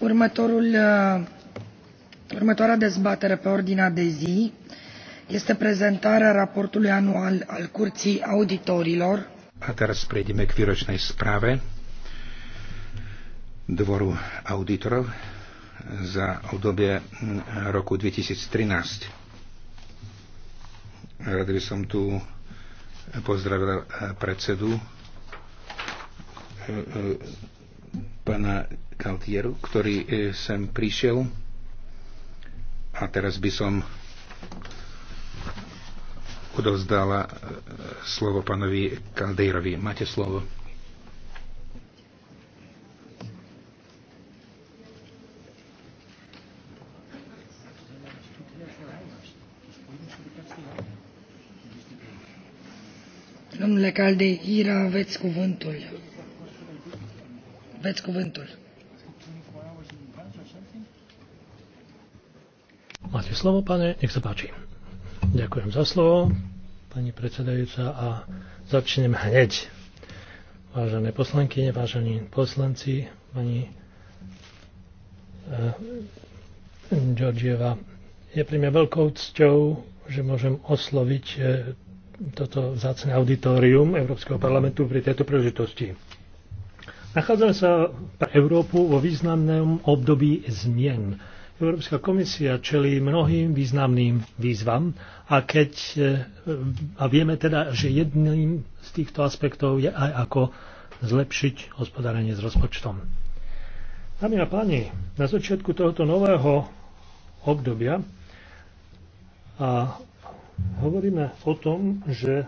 Uh, următoarea dezbatere pe ordinea de zi este prezentarea raportului anual al Curții Auditorilor. k výročnej správe Dvoru auditorov za obdobie mm, roku 2013. Rád by som tu pozdravil eh, predsedu eh, eh, pána Galtieru, ktorý e, sem prišiel. A teraz by som odovzdala e, slovo pánovi Kaldejrovi. Máte slovo. Domnule Caldeira, aveți cuvântul cuvântul. Máte slovo, pane, nech sa páči. Ďakujem za slovo, pani predsedajúca, a začnem hneď. Vážené poslanky, vážení poslanci, pani e, Georgieva, je pre mňa veľkou cťou, že môžem osloviť e, toto vzácne auditorium Európskeho parlamentu pri tejto príležitosti. Nachádzame sa pre Európu vo významnom období zmien. Európska komisia čelí mnohým významným výzvam a, keď, eh, a vieme teda, že jedným z týchto aspektov je aj ako zlepšiť hospodárenie s rozpočtom. Dámy a páni, na začiatku tohoto nového obdobia a hovoríme o tom, že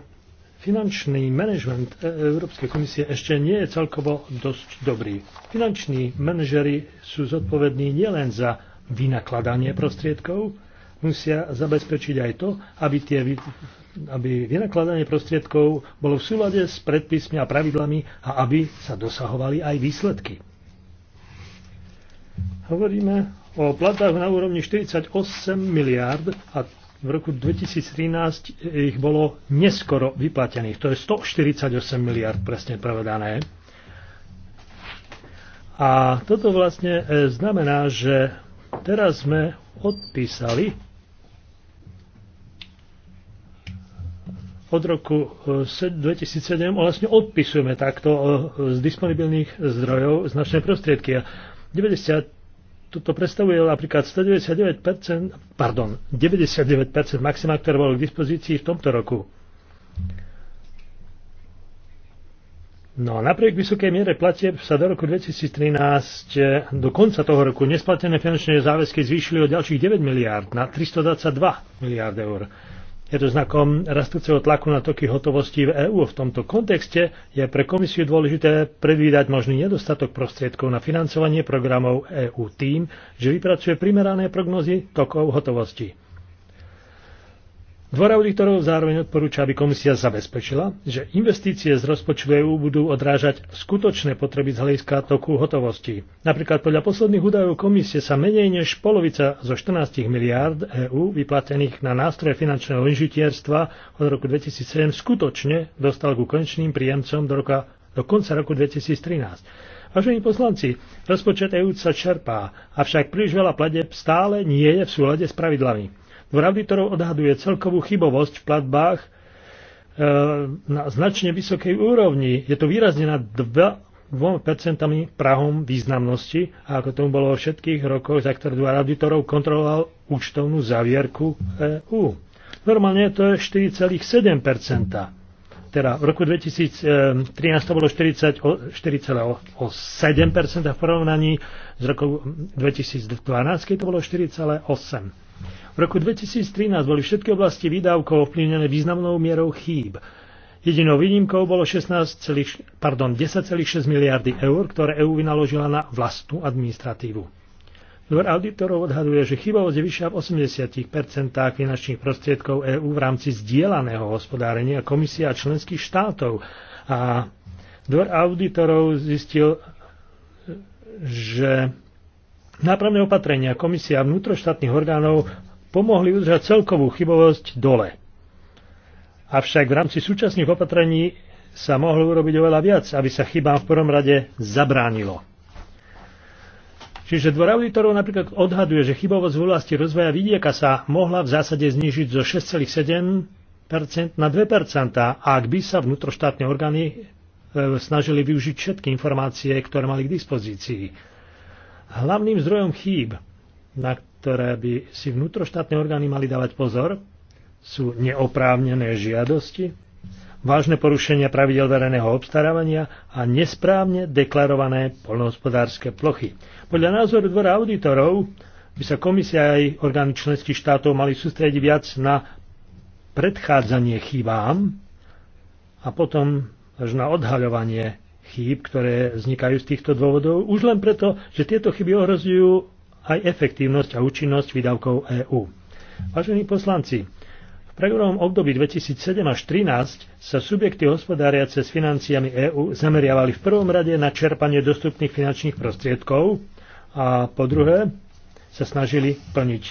finančný manažment e- Európskej komisie ešte nie je celkovo dosť dobrý. Finanční manažery sú zodpovední nielen za vynakladanie prostriedkov, musia zabezpečiť aj to, aby, tie, aby vynakladanie prostriedkov bolo v súlade s predpismi a pravidlami a aby sa dosahovali aj výsledky. Hovoríme o platách na úrovni 48 miliárd a v roku 2013 eh, ich bolo neskoro vyplatených. To je 148 miliard presne prevedané. A toto vlastne eh, znamená, že teraz sme odpísali od roku 2007 eh, vlastne odpisujeme takto z disponibilných zdrojov značné prostriedky. A 90 toto predstavuje napríklad 199%, pardon, 99% maxima, ktoré bolo k dispozícii v tomto roku. No a napriek vysokej miere platie sa do roku 2013, do konca toho roku, nesplatené finančné záväzky zvýšili o ďalších 9 miliárd na 322 miliárd eur. Je to znakom rastúceho tlaku na toky hotovosti v EÚ. V tomto kontexte je pre komisiu dôležité predvídať možný nedostatok prostriedkov na financovanie programov EÚ tým, že vypracuje primerané prognozy tokov hotovosti. Dvor auditorov zároveň odporúča, aby komisia zabezpečila, že investície z rozpočtu EÚ budú odrážať skutočné potreby z hľadiska toku hotovosti. Napríklad podľa posledných údajov komisie sa menej než polovica zo 14 miliárd EÚ vyplatených na nástroje finančného inžitierstva od roku 2007 skutočne dostal ku konečným príjemcom do, roka, do konca roku 2013. Vážení poslanci, rozpočet EÚ sa čerpá, avšak príliš veľa pladeb stále nie je v súlade s pravidlami. V auditorov odhaduje celkovú chybovosť v platbách e, na značne vysokej úrovni. Je to výrazne nad 2, 2% prahom významnosti a ako tomu bolo vo všetkých rokoch, za ktoré dva auditorov kontroloval účtovnú zavierku EU. Normálne to je 4,7%. Teda v roku 2013 e, to bolo 4,7% v porovnaní s roku 2012, keď to bolo 4,8%. V roku 2013 boli všetky oblasti výdavkov ovplyvnené významnou mierou chýb. Jedinou výnimkou bolo 16, pardon, 10,6 miliardy eur, ktoré EU vynaložila na vlastnú administratívu. Dvor auditorov odhaduje, že chybovosť je vyššia v 80% finančných prostriedkov EÚ v rámci zdieľaného hospodárenia komisia členských štátov. A dvor auditorov zistil, že Nápravné opatrenia komisia vnútroštátnych orgánov pomohli udržať celkovú chybovosť dole. Avšak v rámci súčasných opatrení sa mohlo urobiť oveľa viac, aby sa chybám v prvom rade zabránilo. Čiže dvor auditorov napríklad odhaduje, že chybovosť v oblasti rozvoja vidieka sa mohla v zásade znižiť zo 6,7 na 2 ak by sa vnútroštátne orgány e, snažili využiť všetky informácie, ktoré mali k dispozícii hlavným zdrojom chýb, na ktoré by si vnútroštátne orgány mali dávať pozor, sú neoprávnené žiadosti, vážne porušenia pravidel verejného obstarávania a nesprávne deklarované polnohospodárske plochy. Podľa názoru dvora auditorov by sa komisia aj orgány členských štátov mali sústrediť viac na predchádzanie chybám a potom až na odhaľovanie chýb, ktoré vznikajú z týchto dôvodov, už len preto, že tieto chyby ohrozujú aj efektívnosť a účinnosť výdavkov EÚ. Vážení poslanci, v prvom období 2007 až 2013 sa subjekty hospodáriace s financiami EÚ zameriavali v prvom rade na čerpanie dostupných finančných prostriedkov a po druhé sa snažili plniť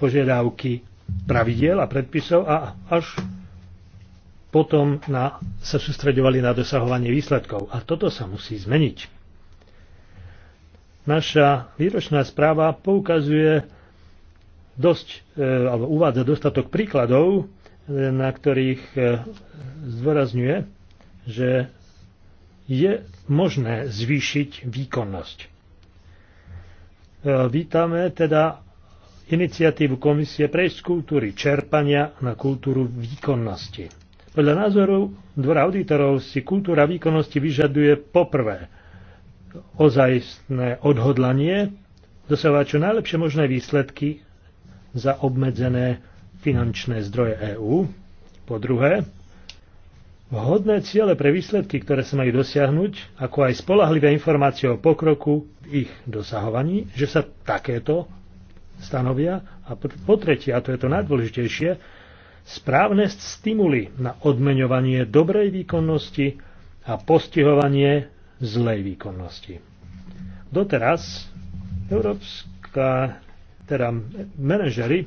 požiadavky pravidiel a predpisov a až potom na, sa sústreďovali na dosahovanie výsledkov. A toto sa musí zmeniť. Naša výročná správa poukazuje dosť, e, alebo uvádza dostatok príkladov, e, na ktorých e, zdôrazňuje, že je možné zvýšiť výkonnosť. Vítame teda iniciatívu Komisie prejsť z kultúry čerpania na kultúru výkonnosti. Podľa názoru dvora auditorov si kultúra výkonnosti vyžaduje poprvé ozajstné odhodlanie dosahovať čo najlepšie možné výsledky za obmedzené finančné zdroje EÚ. Po druhé, vhodné ciele pre výsledky, ktoré sa majú dosiahnuť, ako aj spolahlivé informácie o pokroku v ich dosahovaní, že sa takéto stanovia. A po tretie, a to je to najdôležitejšie, správne stimuly na odmeňovanie dobrej výkonnosti a postihovanie zlej výkonnosti. Doteraz európska, teda manažery e,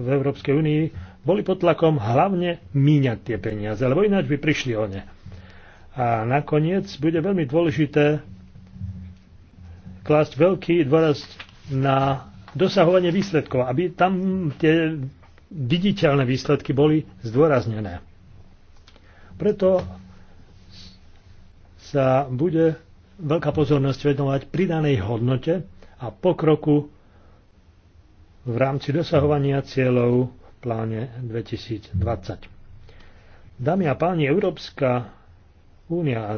v Európskej únii boli pod tlakom hlavne míňať tie peniaze, lebo ináč by prišli o ne. A nakoniec bude veľmi dôležité klásť veľký dôraz na dosahovanie výsledkov, aby tam tie viditeľné výsledky boli zdôraznené. Preto sa bude veľká pozornosť venovať pridanej hodnote a pokroku v rámci dosahovania cieľov v pláne 2020. Dámy a páni, Európska únia a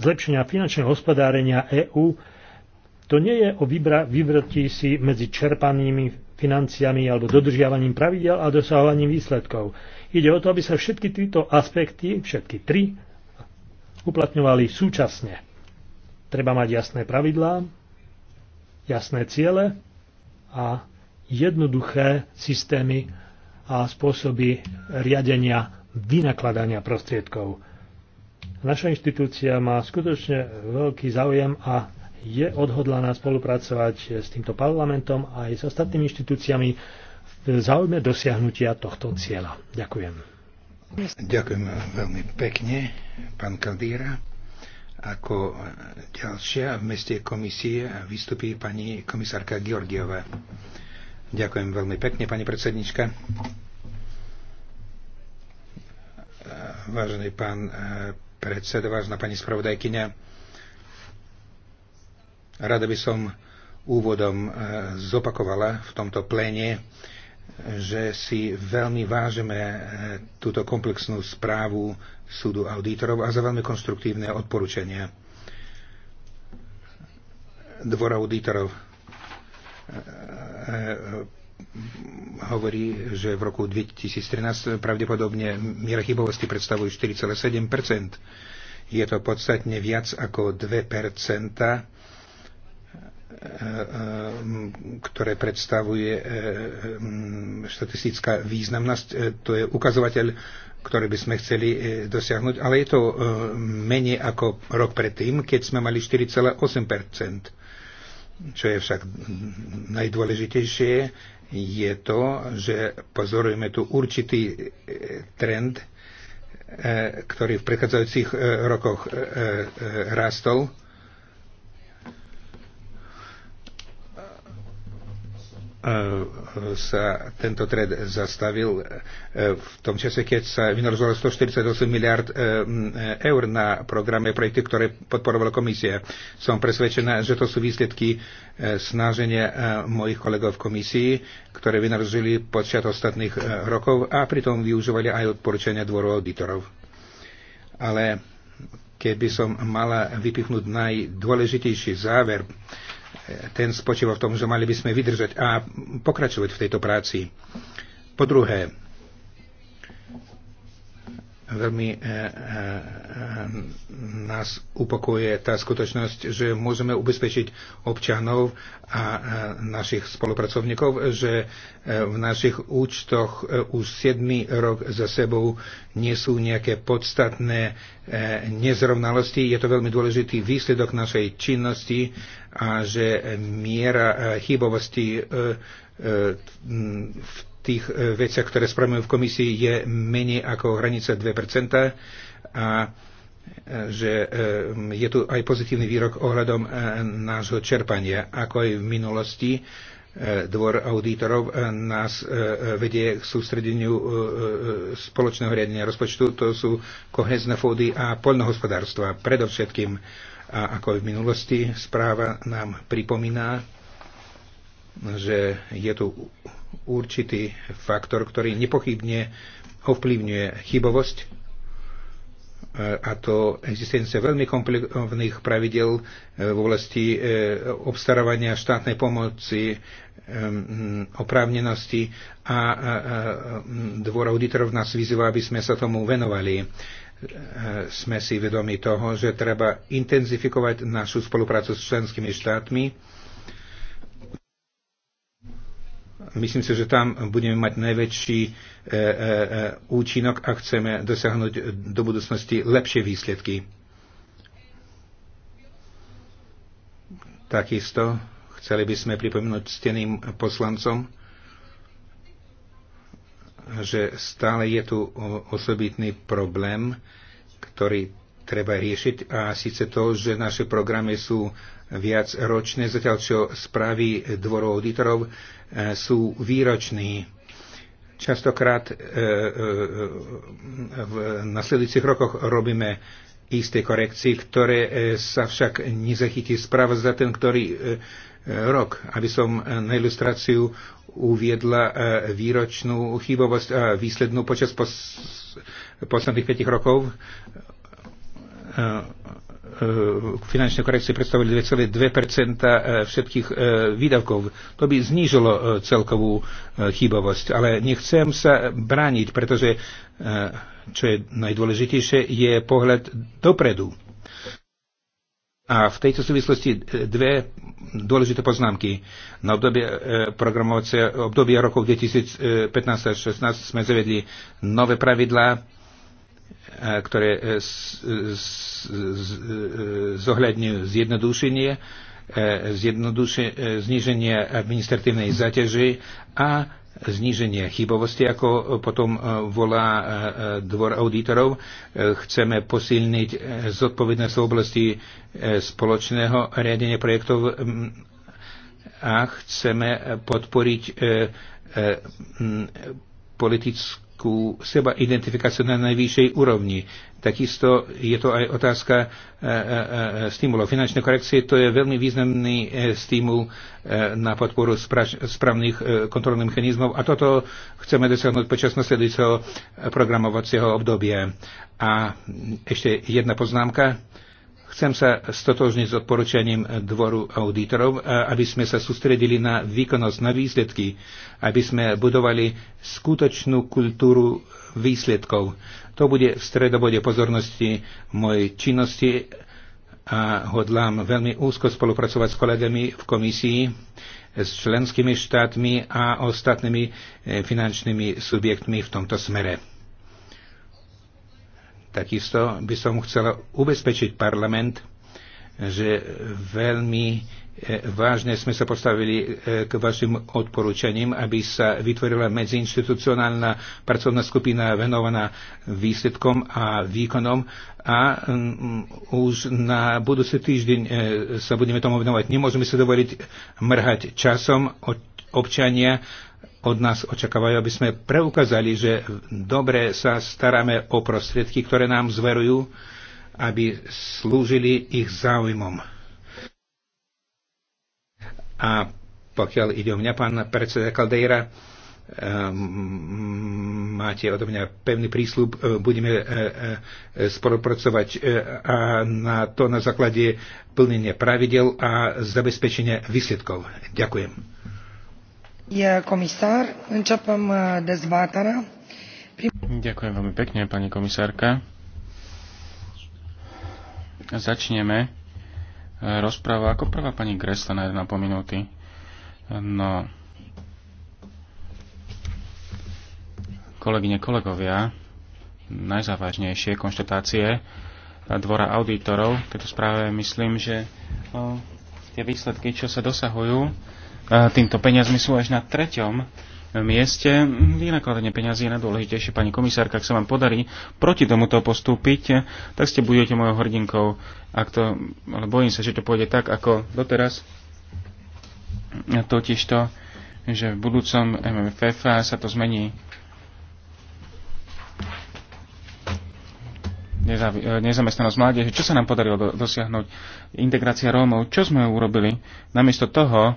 zlepšenia finančného hospodárenia EÚ to nie je o vybratí si medzi čerpanými financiami alebo dodržiavaním pravidel a dosahovaním výsledkov. Ide o to, aby sa všetky tieto aspekty, všetky tri, uplatňovali súčasne. Treba mať jasné pravidlá, jasné ciele a jednoduché systémy a spôsoby riadenia vynakladania prostriedkov. Naša inštitúcia má skutočne veľký záujem a je odhodlaná spolupracovať s týmto parlamentom a aj s ostatnými inštitúciami v záujme dosiahnutia tohto cieľa. Ďakujem. Ďakujem veľmi pekne, pán Kaldíra. Ako ďalšia v meste komisie vystupí pani komisárka Georgiová. Ďakujem veľmi pekne, pani predsednička. Vážený pán eh, predseda, vážna pani spravodajkyňa, Rada by som úvodom e, zopakovala v tomto pléne, e, že si veľmi vážime e, túto komplexnú správu súdu auditorov a za veľmi konstruktívne odporúčania dvora auditorov hovorí, že v roku 2013 pravdepodobne miera chybovosti predstavujú 4,7 Je to podstatne viac ako 2 ktoré predstavuje štatistická eh, mm, významnosť. Eh, to je ukazovateľ, ktorý by sme chceli eh, dosiahnuť, ale je to menej ako rok predtým, keď sme mali 4,8 Čo je však najdôležitejšie, je to, že pozorujeme tu určitý trend, ktorý v predchádzajúcich rokoch rastol E, sa tento trend zastavil e, v tom čase, keď sa vynorozovalo 148 miliard e, eur na programe projekty, ktoré podporovala komisia. Som presvedčená, že to sú výsledky snaženia mojich kolegov v komisii, ktoré vynorozili počiat ostatných rokov a pritom využívali aj odporúčania dvoru auditorov. Ale keby som mala vypichnúť najdôležitejší záver, ten spočíva v tom, že mali by sme vydržať a pokračovať v tejto práci. Po druhé, veľmi eh, eh, nás upokuje tá skutočnosť, že môžeme ubezpečiť občanov a eh, našich spolupracovníkov, že v našich účtoch už 7 rok za sebou nie sú nejaké podstatné nezrovnalosti. Je to veľmi dôležitý výsledok našej činnosti a že miera e, chybovosti e, e, v tých veciach, ktoré spravujú v komisii, je menej ako hranica 2% a že je tu aj pozitívny výrok ohľadom nášho čerpania, ako aj v minulosti. Dvor auditorov nás vedie k sústredeniu spoločného riadenia rozpočtu, to sú kohezné fódy a poľnohospodárstva. Predovšetkým a ako aj v minulosti, správa nám pripomína, že je tu určitý faktor, ktorý nepochybne ovplyvňuje chybovosť a to existencia veľmi komplikovaných pravidel eh, v oblasti eh, obstarávania štátnej pomoci, eh, mm, oprávnenosti a mm, dvor auditorov nás vyzýva, aby sme sa tomu venovali. Eh, sme si vedomi toho, že treba intenzifikovať našu spoluprácu s členskými štátmi. Myslím si, že tam budeme mať najväčší e, e, účinok a chceme dosiahnuť do budúcnosti lepšie výsledky. Takisto chceli by sme pripomenúť steným poslancom, že stále je tu osobitný problém, ktorý treba riešiť a síce to, že naše programy sú viac ročné, zatiaľ čo správy dvorov auditorov e, sú výroční. Častokrát e, e, v nasledujúcich rokoch robíme isté korekcie, ktoré sa však nezachytí správa za ten ktorý rok. Aby som na ilustráciu uviedla e, výročnú chybovosť a výslednú počas pos- posledných 5 rokov e, e, finančné korekcie predstavili 2,2 všetkých výdavkov. To by znížilo celkovú chybovosť. Ale nechcem sa brániť, pretože čo je najdôležitejšie, je pohľad dopredu. A v tejto súvislosti e, dve dôležité poznámky. Na obdobie e, programovacie obdobie rokov 2015 až 2016 sme zavedli nové pravidlá, e, ktoré zohľadňujú zjednodušenie, zjednodušenie zniženie administratívnej zaťaže a zníženie chybovosti, ako e, potom e, volá e, dvor auditorov. Chceme posilniť zodpovednosť v oblasti spoločného riadenia projektov a chceme podporiť politickú ku seba identifikáciu na najvyššej úrovni. Takisto je to aj otázka e, e, e, stimulov. Finančné korekcie to je veľmi významný stimul na podporu správnych kontrolných mechanizmov a toto chceme dosiahnuť počas nasledujúceho programovacieho obdobia. A ešte jedna poznámka Chcem sa stotožniť s odporúčaním dvoru auditorov, e, aby sme sa sústredili na výkonnosť, na výsledky, aby sme budovali skutočnú kultúru výsledkov. To bude v stredobode pozornosti mojej činnosti a hodlám veľmi úzko spolupracovať s kolegami v komisii, s členskými štátmi a ostatnými e, finančnými subjektmi v tomto smere. Takisto by som chcela ubezpečiť parlament, že veľmi e, vážne sme sa postavili e, k vašim odporúčaním, aby sa vytvorila medziinstitucionálna pracovná skupina venovaná výsledkom a výkonom a mm, už na budúci týždeň e, sa budeme tomu venovať. Nemôžeme sa dovoliť mrhať časom od občania od nás očakávajú, aby sme preukázali, že dobre sa staráme o prostriedky, ktoré nám zverujú, aby slúžili ich záujmom. A pokiaľ ide o mňa, pán predseda Kaldeira, eh, máte odo mňa pevný prísľub, eh, budeme eh, spolupracovať na to na základe plnenia pravidel a zabezpečenia výsledkov. Ďakujem. E, e, Ďakujem veľmi pekne, pani komisárka. Začneme e, rozprávu ako prvá pani Gresla na 1,5 minúty. No, kolegyne, kolegovia, najzávažnejšie konštatácie dvora auditorov v tejto správe myslím, že tie výsledky, čo sa dosahujú, týmto peniazmi sú až na treťom mieste. Vynakladanie peniazí je najdôležitejšie. Pani komisárka, ak sa vám podarí proti tomuto postúpiť, tak ste budete mojou hrdinkou. Ak to, ale bojím sa, že to pôjde tak, ako doteraz. Totiž to, že v budúcom MFF sa to zmení. E, nezamestnanosť mládeže. Čo sa nám podarilo dosiahnuť? Integrácia Rómov. Čo sme urobili? Namiesto toho,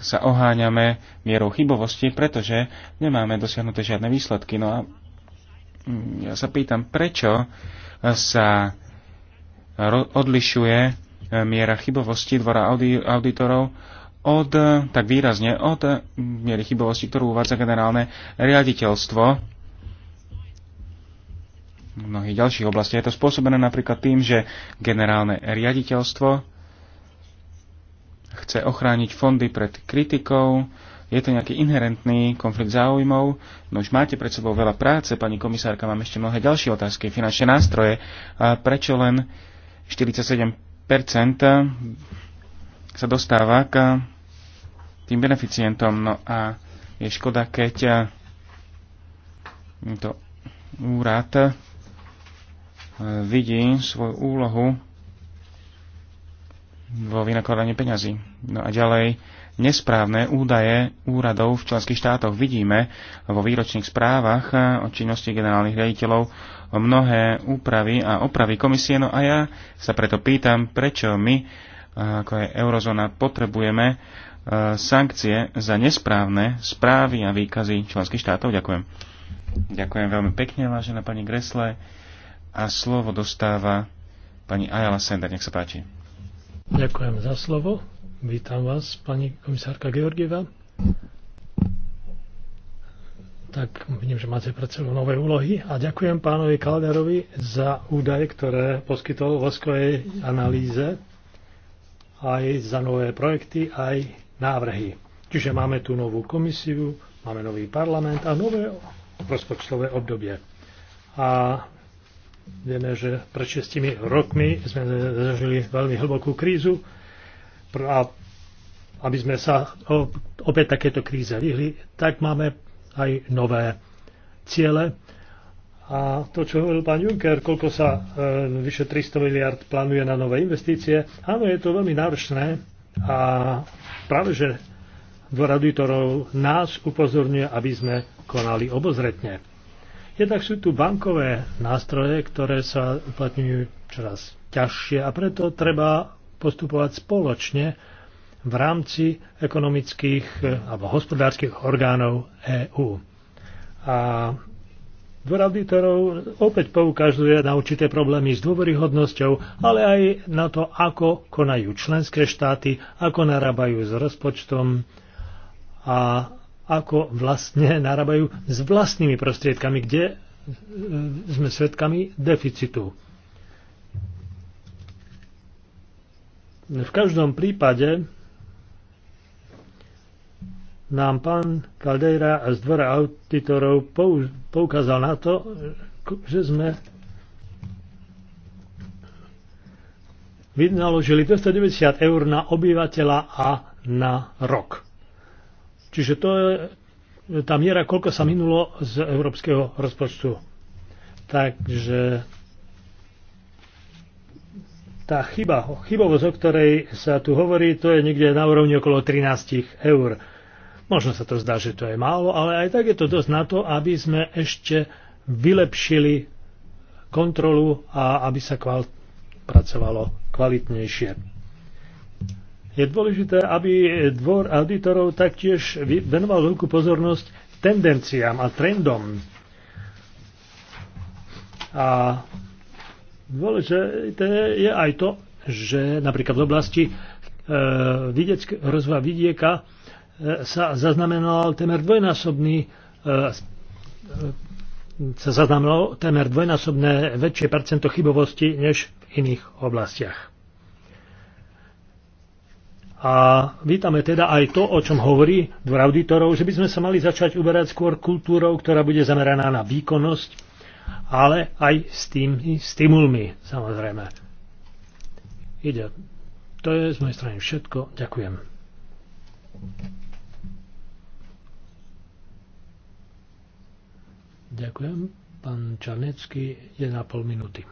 sa oháňame mierou chybovosti, pretože nemáme dosiahnuté žiadne výsledky. No a mm, ja sa pýtam, prečo sa odlišuje e, miera chybovosti dvora auditorov od, tak výrazne od mm, miery chybovosti, ktorú uvádza generálne riaditeľstvo. V mnohých ďalších oblastiach je to spôsobené napríklad tým, že generálne riaditeľstvo chce ochrániť fondy pred kritikou, je to nejaký inherentný konflikt záujmov, no už máte pred sebou veľa práce, pani komisárka, mám ešte mnohé ďalšie otázky, finančné nástroje, a prečo len 47% sa dostáva k tým beneficientom, no a je škoda, keď to úrad vidí svoju úlohu vo vynakladaní peňazí. No a ďalej, nesprávne údaje úradov v členských štátoch vidíme vo výročných správach eh, o činnosti generálnych riaditeľov mnohé úpravy a opravy komisie. No a ja sa preto pýtam, prečo my, eh, ako je eurozóna, potrebujeme eh, sankcie za nesprávne správy a výkazy členských štátov. Ďakujem. Ďakujem veľmi pekne, vážená pani Gresle. A slovo dostáva pani Ayala Sender. Nech sa páči. Ďakujem za slovo. Vítam vás, pani komisárka Georgieva. Tak vidím, že máte pred sebou nové úlohy a ďakujem pánovi Kalderovi za údaje, ktoré poskytol vo svojej analýze aj za nové projekty, aj návrhy. Čiže máme tu novú komisiu, máme nový parlament a nové rozpočtové obdobie. A Vieme, že pred šestimi rokmi sme zažili veľmi hlbokú krízu a aby sme sa opäť takéto kríze vyhli, tak máme aj nové ciele. A to, čo hovoril pán Juncker, koľko sa e, vyše 300 miliard plánuje na nové investície, áno, je to veľmi náročné a práve, že dvor nás upozorňuje, aby sme konali obozretne. Jednak sú tu bankové nástroje, ktoré sa uplatňujú čoraz ťažšie a preto treba postupovať spoločne v rámci ekonomických eh, alebo hospodárskych orgánov EÚ. A dvor auditorov opäť poukazuje na určité problémy s dôveryhodnosťou, ale aj na to, ako konajú členské štáty, ako narábajú s rozpočtom a ako vlastne narábajú s vlastnými prostriedkami, kde e, sme svedkami deficitu. V každom prípade nám pán Caldeira z dvora auditorov poukázal na to, že sme vynaložili 290 eur na obyvateľa a na rok. Čiže to je tá miera, koľko sa minulo z európskeho rozpočtu. Takže tá chyba, chybovosť, o ktorej sa tu hovorí, to je niekde na úrovni okolo 13 eur. Možno sa to zdá, že to je málo, ale aj tak je to dosť na to, aby sme ešte vylepšili kontrolu a aby sa kval- pracovalo kvalitnejšie je dôležité, aby dvor auditorov taktiež venoval veľkú pozornosť tendenciám a trendom. A dôležité je aj to, že napríklad v oblasti e, rozvoja vidieka e, sa zaznamenal témer dvojnásobný e, e, sa zaznamenalo témer dvojnásobné väčšie percento chybovosti než v iných oblastiach. A vítame teda aj to, o čom hovorí dvor auditorov, že by sme sa mali začať uberať skôr kultúrou, ktorá bude zameraná na výkonnosť, ale aj s tými stimulmi, samozrejme. Ide. To je z mojej strany všetko. Ďakujem. Ďakujem. Pán Čarnecký, 1,5 minúty.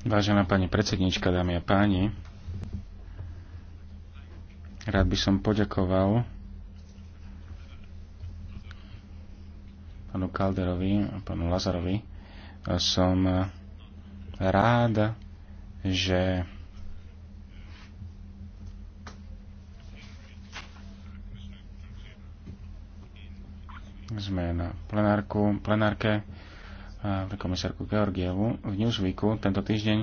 Vážená pani predsednička, dámy a páni, rád by som poďakoval panu Kalderovi a panu Lazarovi. Som rád, že sme na plenárku, plenárke komisárku Georgievu v Newsweeku tento týždeň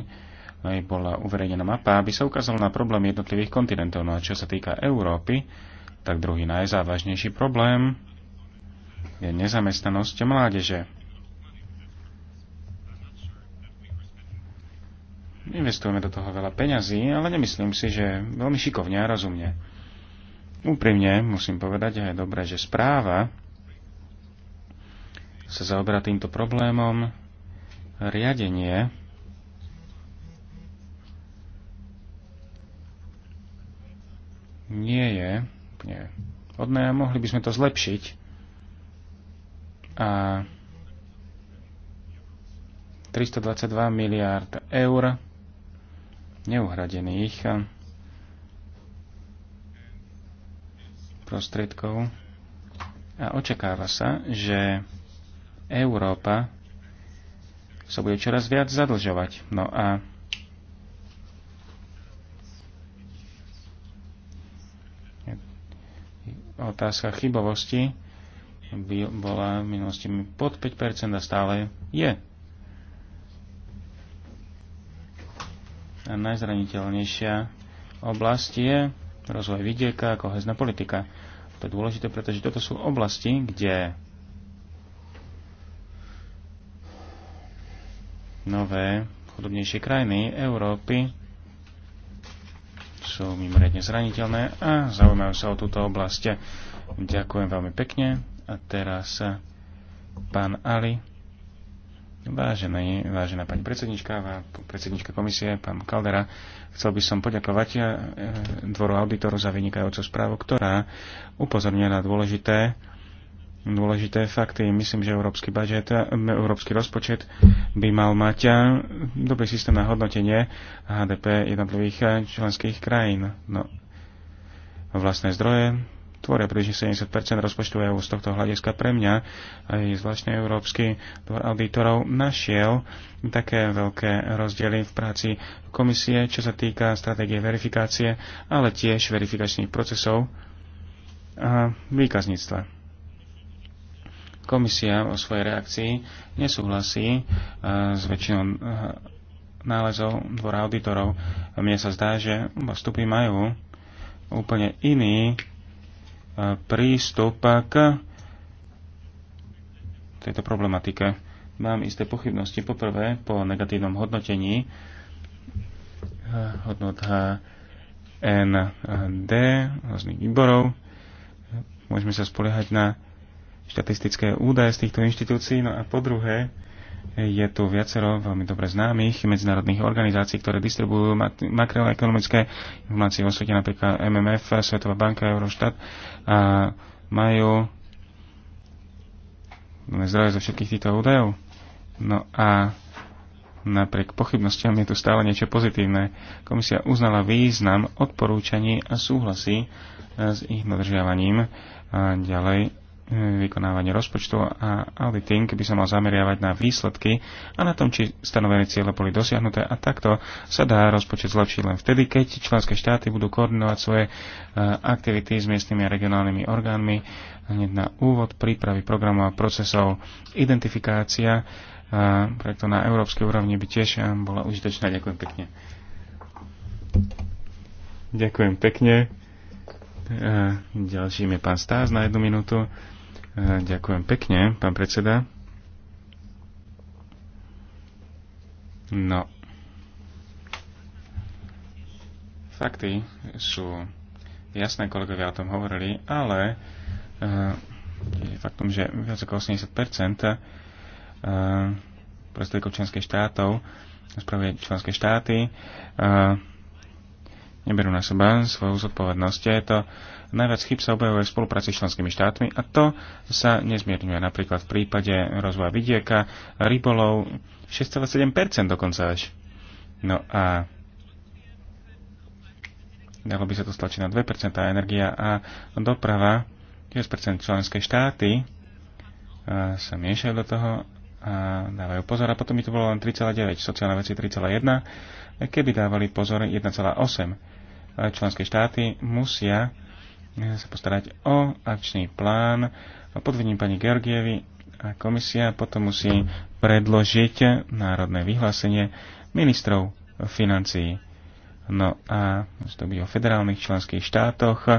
no, bola uverejnená mapa, aby sa ukázalo na problém jednotlivých kontinentov. No a čo sa týka Európy, tak druhý najzávažnejší problém je nezamestnanosť mládeže. Investujeme do toho veľa peňazí, ale nemyslím si, že veľmi šikovne a rozumne. Úprimne musím povedať, že je dobré, že správa sa zaoberá týmto problémom. Riadenie nie je nie, odné mohli by sme to zlepšiť. A 322 miliárd eur neuhradených prostriedkov a očakáva sa, že Európa sa bude čoraz viac zadlžovať. No a otázka chybovosti by bola v minulosti pod 5% a stále je. A najzraniteľnejšia oblasť je rozvoj vidieka a kohezná politika. To je dôležité, pretože toto sú oblasti, kde nové chudobnejšie krajiny Európy sú mimoriadne zraniteľné a zaujímajú sa o túto oblasť. Ďakujem veľmi pekne a teraz eh, pán Ali. Vážený, vážená pani predsednička, predsednička komisie, pán Kaldera, chcel by som poďakovať eh, dvoru auditoru za vynikajúcu správu, ktorá upozorňuje na dôležité dôležité fakty. Myslím, že európsky, budget, európsky rozpočet by mal mať eh, dobrý systém na hodnotenie HDP jednotlivých eh, členských krajín. No, vlastné zdroje tvoria približne 70 rozpočtu EU Z tohto hľadiska pre mňa aj zvláštne Európsky dvor auditorov našiel také veľké rozdiely v práci komisie, čo sa týka stratégie verifikácie, ale tiež verifikačných procesov a výkazníctva Komisia o svojej reakcii nesúhlasí e, s väčšinou e, nálezov dvora auditorov. Mne sa zdá, že vstupy majú úplne iný e, prístup k tejto problematike. Mám isté pochybnosti. Poprvé, po negatívnom hodnotení hodnot HND rôznych výborov môžeme sa spoliehať na štatistické údaje z týchto inštitúcií. No a po druhé, je tu viacero veľmi dobre známych medzinárodných organizácií, ktoré distribujú makroekonomické informácie vo svete, napríklad MMF, Svetová banka, Eurostat a majú zdroje zo všetkých týchto údajov. No a napriek pochybnostiam je tu stále niečo pozitívne. Komisia uznala význam odporúčaní a súhlasí s ich dodržiavaním. A ďalej vykonávanie rozpočtu a auditing by sa mal zameriavať na výsledky a na tom, či stanovené ciele boli dosiahnuté a takto sa dá rozpočet zlepšiť len vtedy, keď členské štáty budú koordinovať svoje e, aktivity s miestnymi a regionálnymi orgánmi hneď na úvod prípravy programov a procesov identifikácia e, Preto na európskej úrovni by tiež e, bola užitočná. Ďakujem pekne. Ďakujem pekne. Ďalším je pán Stáz na jednu minútu. Ďakujem pekne, pán predseda. No. Fakty sú jasné, kolegovia o tom hovorili, ale eh, je faktom, že viac ako 80 eh, prostriedkov členských štátov spravuje členské štáty. Eh, neberú na seba svoju zodpovednosť. Je to najviac chyb sa objavuje v spolupráci s členskými štátmi a to sa nezmierňuje napríklad v prípade rozvoja vidieka, rybolov 6,7% dokonca až. No a dalo by sa to stlačiť na 2% energia a doprava 10% členské štáty sa miešajú do toho a dávajú pozor. A potom by to bolo len 3,9, sociálne veci 3,1, keby dávali pozor 1,8 členské štáty musia sa postarať o akčný plán pod vedením pani Georgievy a komisia potom musí predložiť národné vyhlásenie ministrov financií. No a musí to byť o federálnych členských štátoch,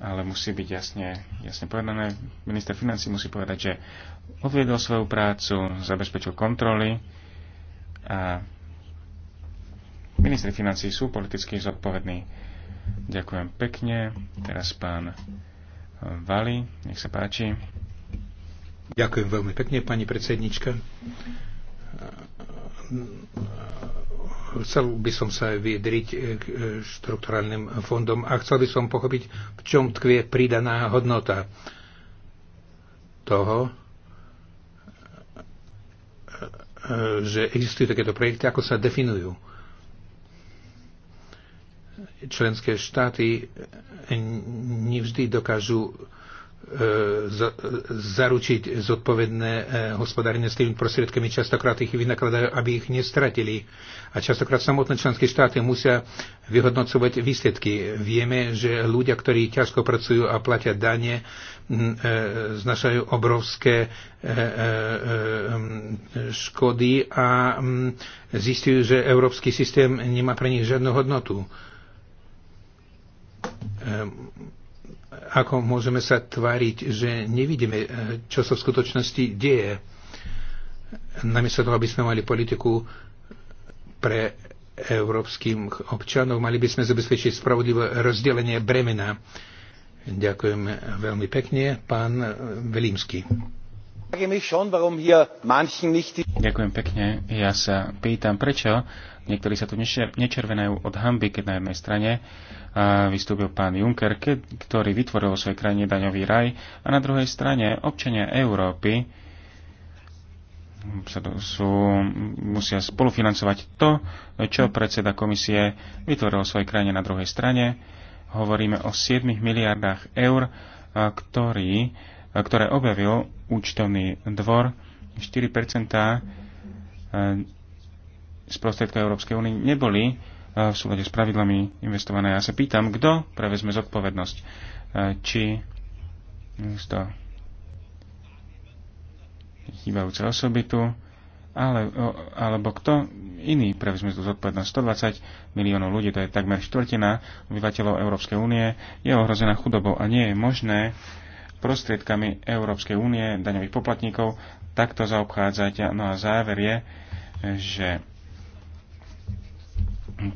ale musí byť jasne, jasne povedané, minister financí musí povedať, že odviedol svoju prácu, zabezpečil kontroly a Ministri financí sú politicky zodpovední. Ďakujem pekne. Teraz pán eh, Vali, nech sa páči. Ďakujem veľmi pekne, pani predsednička. Chcel by som sa vyjadriť eh, k eh, štrukturálnym fondom a chcel by som pochopiť, v čom tkvie pridaná hodnota toho, že existujú takéto projekty, ako sa definujú členské štáty nevždy dokážu e, zaručiť zodpovedné e, hospodárenie s tými prostriedkami, častokrát ich vynakladajú, aby ich nestratili. A častokrát samotné členské štáty musia vyhodnocovať výsledky. Vieme, že ľudia, ktorí ťažko pracujú a platia dane, e, znašajú obrovské škody a zistujú, že európsky systém nemá pre nich žiadnu hodnotu Ehm, ako môžeme sa tváriť, že nevidíme, eh, čo sa v skutočnosti deje. Namiesto toho, aby sme mali politiku pre európskych občanov, mali by sme zabezpečiť spravodlivé rozdelenie bremena. Ďakujem veľmi pekne, pán Velímsky. Ďakujem pekne. Ja sa pýtam, prečo niektorí sa tu nečervenajú od hamby, keď na jednej strane vystúpil pán Juncker, ktorý vytvoril vo svojej krajine daňový raj a na druhej strane občania Európy sú, musia spolufinancovať to, čo predseda komisie vytvoril vo svojej krajine na druhej strane. Hovoríme o 7 miliardách eur, ktorí ktoré objavil účtovný dvor, 4 eh, z prostriedka Európskej únie neboli eh, v súlade s pravidlami investované. Ja sa pýtam, kto prevezme zodpovednosť. Eh, či to chýbajúce osoby tu, ale, alebo kto iný prevezme tú zodpovednosť. 120 miliónov ľudí, to je takmer štvrtina obyvateľov Európskej únie, je ohrozená chudobou a nie je možné prostriedkami Európskej únie, daňových poplatníkov, takto zaobchádzať. No a záver je, že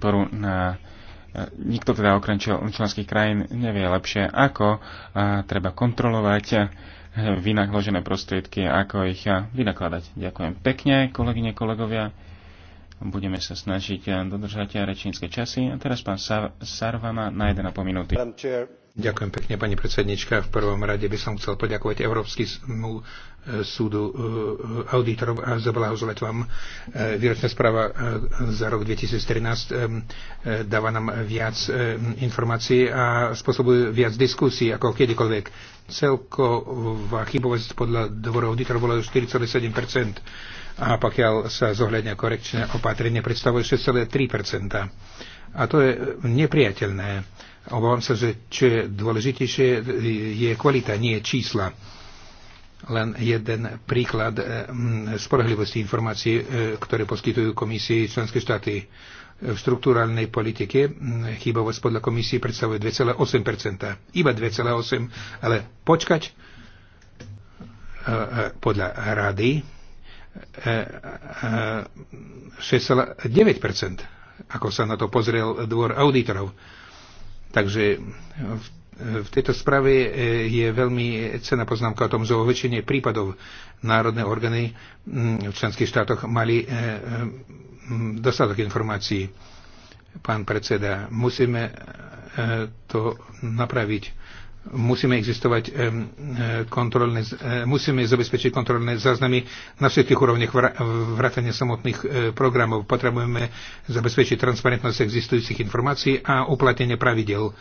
poru na e, nikto teda okrem členských krajín nevie lepšie, ako e, treba kontrolovať e, vynakložené prostriedky, ako ich vynakladať. Ďakujem pekne, kolegyne, kolegovia. Budeme sa snažiť dodržať rečnícke časy. A teraz pán Sarvama na 1,5 minúty. Ďakujem pekne, pani predsednička. V prvom rade by som chcel poďakovať Európsky e, súdu e, auditorov a zablahoželať vám. E, výročná správa za rok 2013 dáva nám viac informácií a spôsobuje viac diskusí ako kedykoľvek. Celková chybovosť podľa dvoru auditorov bola 4,7 a pokiaľ sa zohľadňa korekčné opatrenie, predstavuje 6,3 A to je nepriateľné Obávam sa, že čo je dôležitejšie, je kvalita, nie čísla. Len jeden príklad eh, mm, spolehlivosti informácií, eh, ktoré poskytujú Komisii členské štáty v štruktúralnej politike. Mm, chybovosť podľa komisie predstavuje 2,8%. Iba 2,8%, ale počkať eh, podľa rady 6,9%, ako sa na to pozrel dvor auditorov Takže v v tejto správe e, je veľmi cená poznámka o tom, že o väčšine prípadov národné orgány v členských štátoch mali e, dostatok informácií. Pán predseda, musíme e, to napraviť musíme existovať kontrolné, musíme zabezpečiť kontrolné záznamy na všetkých úrovniach vrátania samotných e, programov. Potrebujeme zabezpečiť transparentnosť existujúcich informácií a uplatnenie pravidel.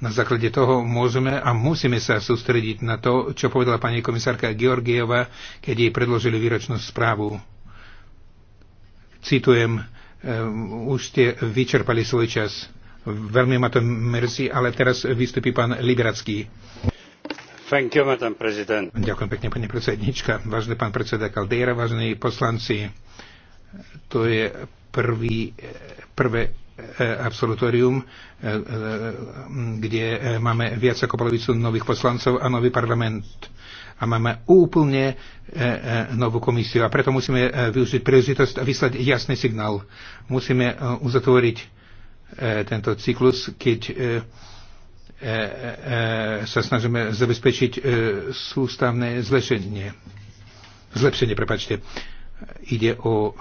Na základe toho môžeme a musíme sa sústrediť na to, čo povedala pani komisárka Georgieva, keď jej predložili výročnú správu. Citujem, už ste vyčerpali svoj čas Veľmi ma to mrzí, ale teraz vystupí pán Liberacký. Thank you, madam president. Ďakujem pekne, pani predsednička. Vážený pán predseda Caldeira, vážení poslanci, to je prvý, prvé e, absolutorium, e, e, kde máme viac ako polovicu nových poslancov a nový parlament a máme úplne novú komisiu. A preto musíme využiť príležitosť a vyslať jasný signál. Musíme uzatvoriť E, tento cyklus, keď e, e, sa snažíme zabezpečiť sústavné zlepšenie. Zlepšenie, prepačte. Ide o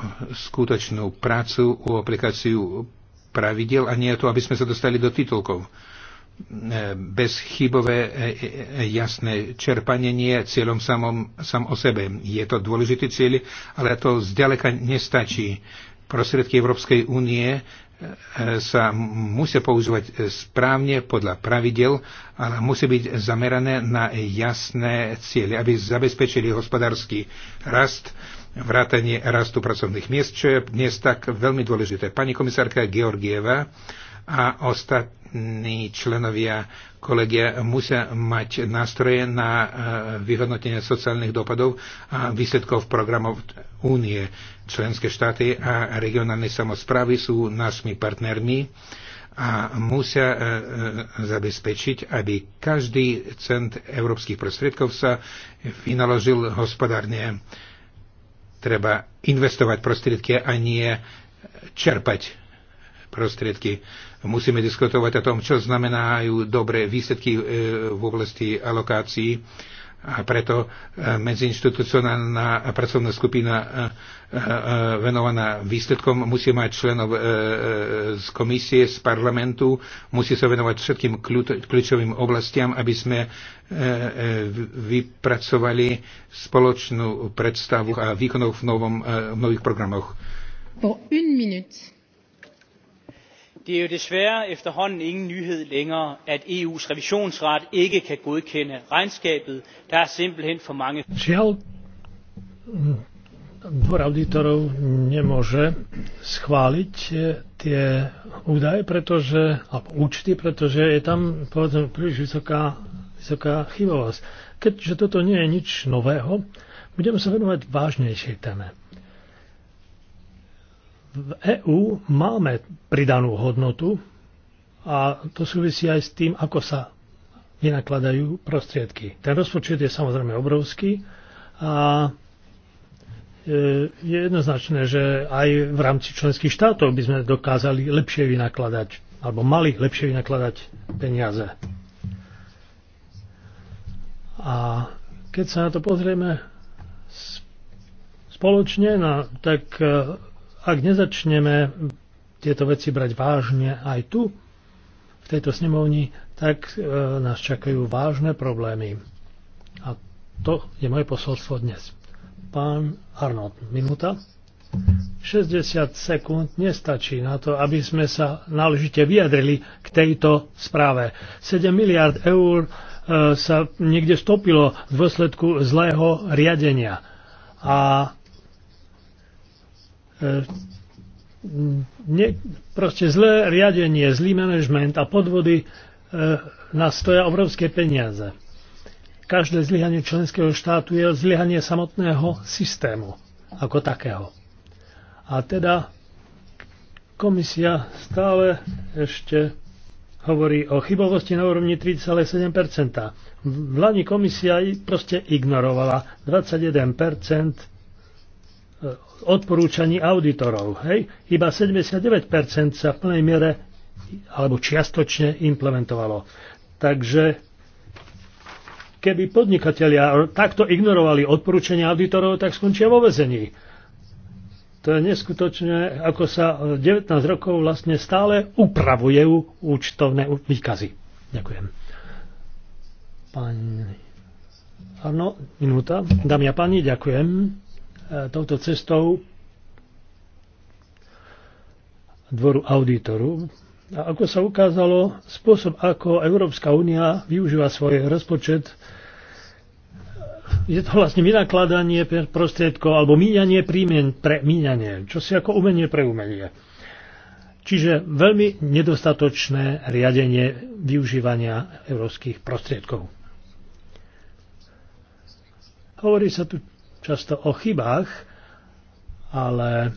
skutočnú prácu, o aplikáciu pravidel a nie o to, aby sme sa dostali do titulkov. Bezchybové, jasné čerpanie nie je cieľom samom, sam o sebe. Je to dôležitý cieľ, ale to zďaleka nestačí. Prostriedky Európskej únie E, sa musia používať správne podľa pravidel, ale musí byť zamerané na jasné ciele, aby zabezpečili hospodársky rast, vrátanie rastu pracovných miest, čo je dnes tak veľmi dôležité. Pani komisárka Georgieva a ostat, ostatní členovia kolegia musia mať nástroje na e, vyhodnotenie sociálnych dopadov a výsledkov programov únie. Členské štáty a regionálne samozprávy sú našimi partnermi a musia e, e, zabezpečiť, aby každý cent európskych prostriedkov sa vynaložil hospodárne. Treba investovať prostriedky a nie čerpať prostriedky Musíme diskutovať o tom, čo znamenajú dobré výsledky e, v oblasti alokácií a preto e, medziinstitucionálna pracovná skupina e, venovaná výsledkom musí mať členov z komisie, z parlamentu, musí sa venovať všetkým kľúčovým oblastiam, aby sme vypracovali spoločnú predstavu a výkonov v, novom, v nových programoch. Po 1 minúte det er jo desværre efterhånden ingen nyhed længere at eus revisionsret ikke kan godkende regnskabet der er simpelthen for mange Žiaľ, dvor auditorov nemôže schváliť eh, tie údaje, pretože, alebo účty, pretože je tam povedzme príliš vysoká, vysoká chybovosť. Keďže toto nie je nič nového, budeme sa venovať vážnejšej téme v EÚ máme pridanú hodnotu a to súvisí aj s tým, ako sa vynakladajú prostriedky. Ten rozpočet je samozrejme obrovský a e, je jednoznačné, že aj v rámci členských štátov by sme dokázali lepšie vynakladať alebo mali lepšie vynakladať peniaze. A keď sa na to pozrieme spoločne, na, no, tak e, ak nezačneme tieto veci brať vážne aj tu, v tejto snemovni, tak e, nás čakajú vážne problémy. A to je moje posolstvo dnes. Pán Arnold, minúta. 60 sekúnd nestačí na to, aby sme sa náležite vyjadrili k tejto správe. 7 miliard eur e, sa niekde stopilo v dôsledku zlého riadenia. A E, ne, proste zlé riadenie, zlý manažment a podvody e, nás stoja obrovské peniaze. Každé zlyhanie členského štátu je zlyhanie samotného systému ako takého. A teda komisia stále ešte hovorí o chybovosti na úrovni 3,7%. V Lani komisia proste ignorovala 21% odporúčaní auditorov. Hej? Iba 79% sa v plnej miere alebo čiastočne implementovalo. Takže keby podnikatelia takto ignorovali odporúčania auditorov, tak skončia vo vezení. To je neskutočné, ako sa 19 rokov vlastne stále upravujú účtovné výkazy. Ďakujem. Pani... Áno, minúta. Dámy a páni, ďakujem. E, touto cestou dvoru auditoru. A ako sa ukázalo, spôsob, ako Európska únia využíva svoj rozpočet, je to vlastne vynakladanie prostriedkov alebo míňanie príjmen pre míňanie, čo si ako umenie pre umenie. Čiže veľmi nedostatočné riadenie využívania európskych prostriedkov. Hovorí sa tu často o chybách, ale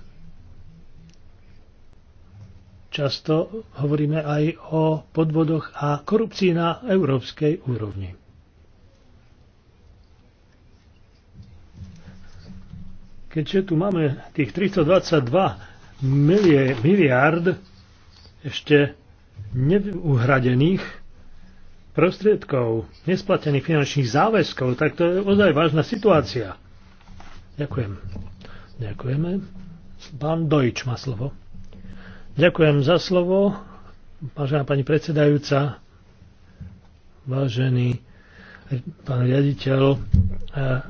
často hovoríme aj o podvodoch a korupcii na európskej úrovni. Keďže tu máme tých 322 milie, ešte neuhradených prostriedkov, nesplatených finančných záväzkov, tak to je ozaj vážna situácia. Ďakujem. Ďakujeme. Pán Dojč má slovo. Ďakujem za slovo, vážená pani predsedajúca, vážený pán riaditeľ eh,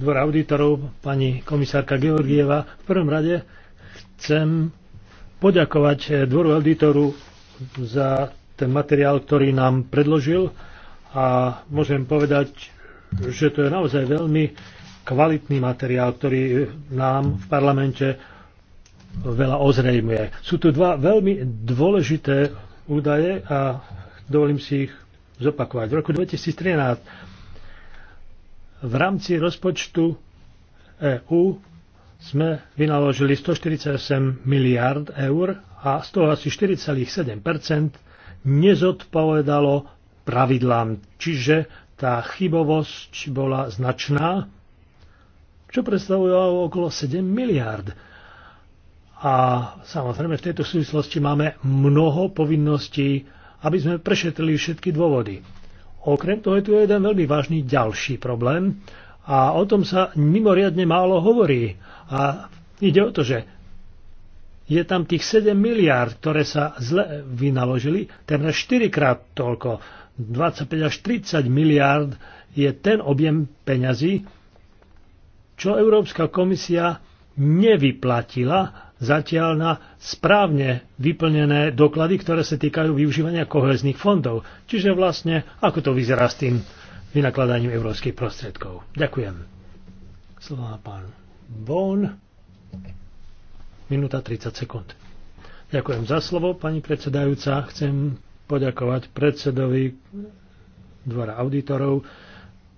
dvora auditorov, pani komisárka Georgieva. V prvom rade chcem poďakovať eh, dvoru auditoru za ten materiál, ktorý nám predložil a môžem povedať, že to je naozaj veľmi kvalitný materiál, ktorý nám v parlamente veľa ozrejmuje. Sú tu dva veľmi dôležité údaje a dovolím si ich zopakovať. V roku 2013 v rámci rozpočtu EÚ sme vynaložili 148 miliard eur a z toho asi 4,7 nezodpovedalo pravidlám, čiže tá chybovosť bola značná čo predstavovalo okolo 7 miliárd. A samozrejme v tejto súvislosti máme mnoho povinností, aby sme prešetrili všetky dôvody. Okrem toho je tu jeden veľmi vážny ďalší problém a o tom sa mimoriadne málo hovorí. A ide o to, že je tam tých 7 miliárd, ktoré sa zle vynaložili, teda 4 krát toľko, 25 až 30 miliárd je ten objem peňazí, čo Európska komisia nevyplatila zatiaľ na správne vyplnené doklady, ktoré sa týkajú využívania kohezných fondov. Čiže vlastne, ako to vyzerá s tým vynakladaním európskych prostriedkov. Ďakujem. Slovo má pán Von. Minúta 30 sekúnd. Ďakujem za slovo, pani predsedajúca. Chcem poďakovať predsedovi Dvora auditorov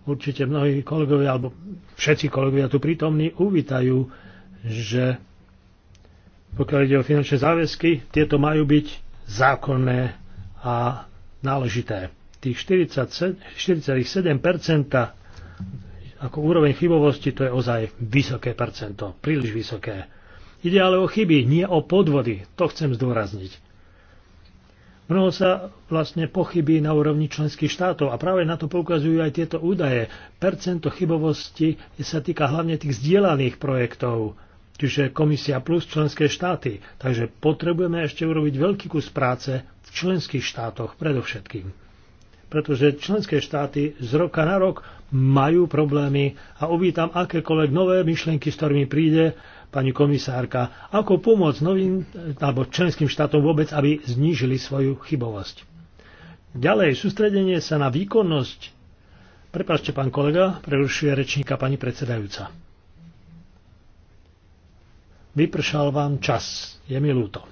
určite mnohí kolegovia, alebo všetci kolegovia tu prítomní uvítajú, že pokiaľ ide o finančné záväzky, tieto majú byť zákonné a náležité. Tých 47, 47% ako úroveň chybovosti to je ozaj vysoké percento, príliš vysoké. Ide ale o chyby, nie o podvody, to chcem zdôrazniť. Mnoho sa vlastne pochybí na úrovni členských štátov a práve na to poukazujú aj tieto údaje. Percento chybovosti sa týka hlavne tých zdieľaných projektov, čiže komisia plus členské štáty. Takže potrebujeme ešte urobiť veľký kus práce v členských štátoch predovšetkým. Pretože členské štáty z roka na rok majú problémy a uvítam akékoľvek nové myšlienky, s ktorými príde pani komisárka, ako pomôcť novým alebo členským štátom vôbec, aby znížili svoju chybovosť. Ďalej, sústredenie sa na výkonnosť. Prepašte, pán kolega, prerušuje rečníka pani predsedajúca. Vypršal vám čas. Je mi ľúto.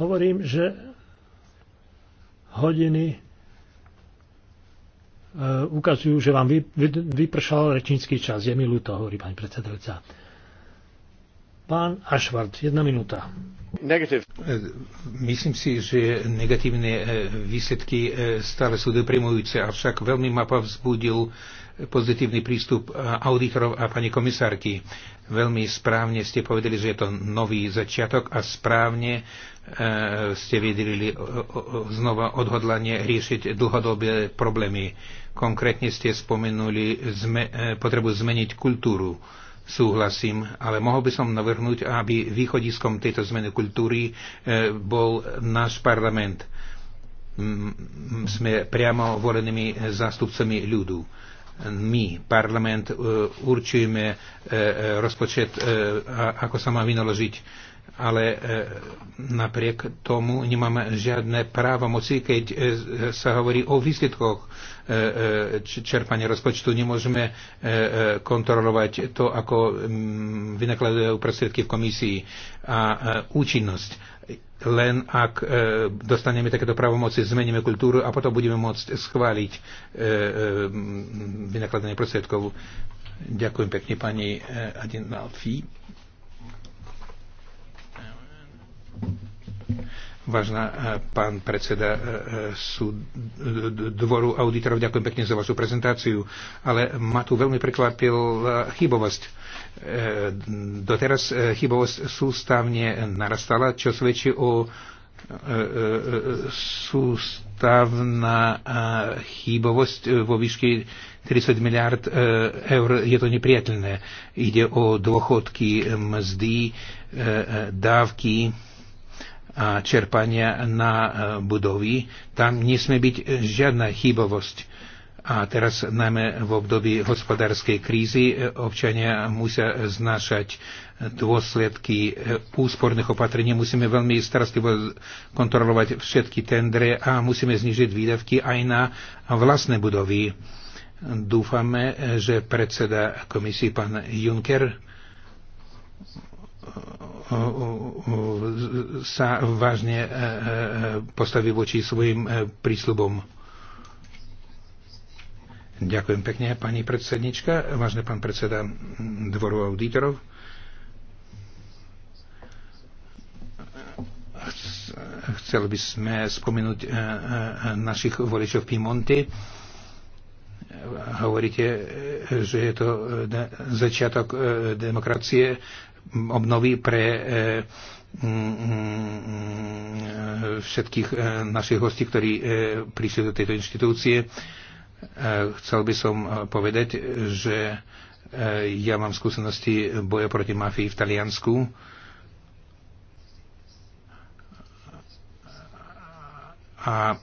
Hovorím, že hodiny E, ukazujú, že vám vypršal rečnícky čas. Je mi ľúto, hovorí pani predsedajúca. Pán Ašvart, jedna minúta. Negative. E, myslím si, že negatívne e, výsledky e, stále sú deprimujúce, avšak veľmi ma povzbudil pozitívny prístup auditorov a pani komisárky. Veľmi správne ste povedali, že je to nový začiatok a správne ste vydelili znova odhodlanie riešiť dlhodobé problémy. Konkrétne ste spomenuli zme, potrebu zmeniť kultúru súhlasím, ale mohol by som navrhnúť, aby východiskom tejto zmeny kultúry e, bol náš parlament. Sme priamo volenými zástupcami ľudu. My, parlament, e, určujeme e, rozpočet, ako sa má vynaložiť ale e, napriek tomu nemáme žiadne právomoci, keď e, sa hovorí o výsledkoch e, čerpania rozpočtu. Nemôžeme kontrolovať to, ako vynakladajú prostriedky v komisii a účinnosť. Len ak dostaneme takéto právomoci, zmeníme kultúru a potom budeme môcť schváliť vynakladanie prostriedkov. Ďakujem pekne pani Adinalfi. Vážna eh, pán predseda eh, eh, súd, dvoru auditorov, ďakujem pekne za vašu prezentáciu, ale ma tu veľmi prekvapil chybovosť. Doteraz chybovosť sústavne narastala, čo svedčí o sústavná chybovosť vo výške 30 miliard eur je to nepriateľné. Ide o dôchodky, mzdy, dávky a čerpania na e, budovy. Tam nesme byť žiadna chybovosť. A teraz najmä v období hospodárskej krízy e, občania musia znášať e, dôsledky úsporných opatrení. Musíme veľmi starostlivo kontrolovať všetky tendre a musíme znižiť výdavky aj na vlastné budovy. Dúfame, že predseda komisie pán Juncker sa vážne e, e, e, postaví voči svojim prísľubom. Ďakujem pekne, pani predsednička, vážne pán predseda dvoru auditorov. Chceli by sme spomenúť našich voličov Pimonty. Hovoríte, že je to začiatok demokracie obnovy pre e, e, všetkých e, našich hostí, ktorí prišli do tejto inštitúcie. Chcel by som povedať, že ja mám skúsenosti boja proti mafii v Taliansku. A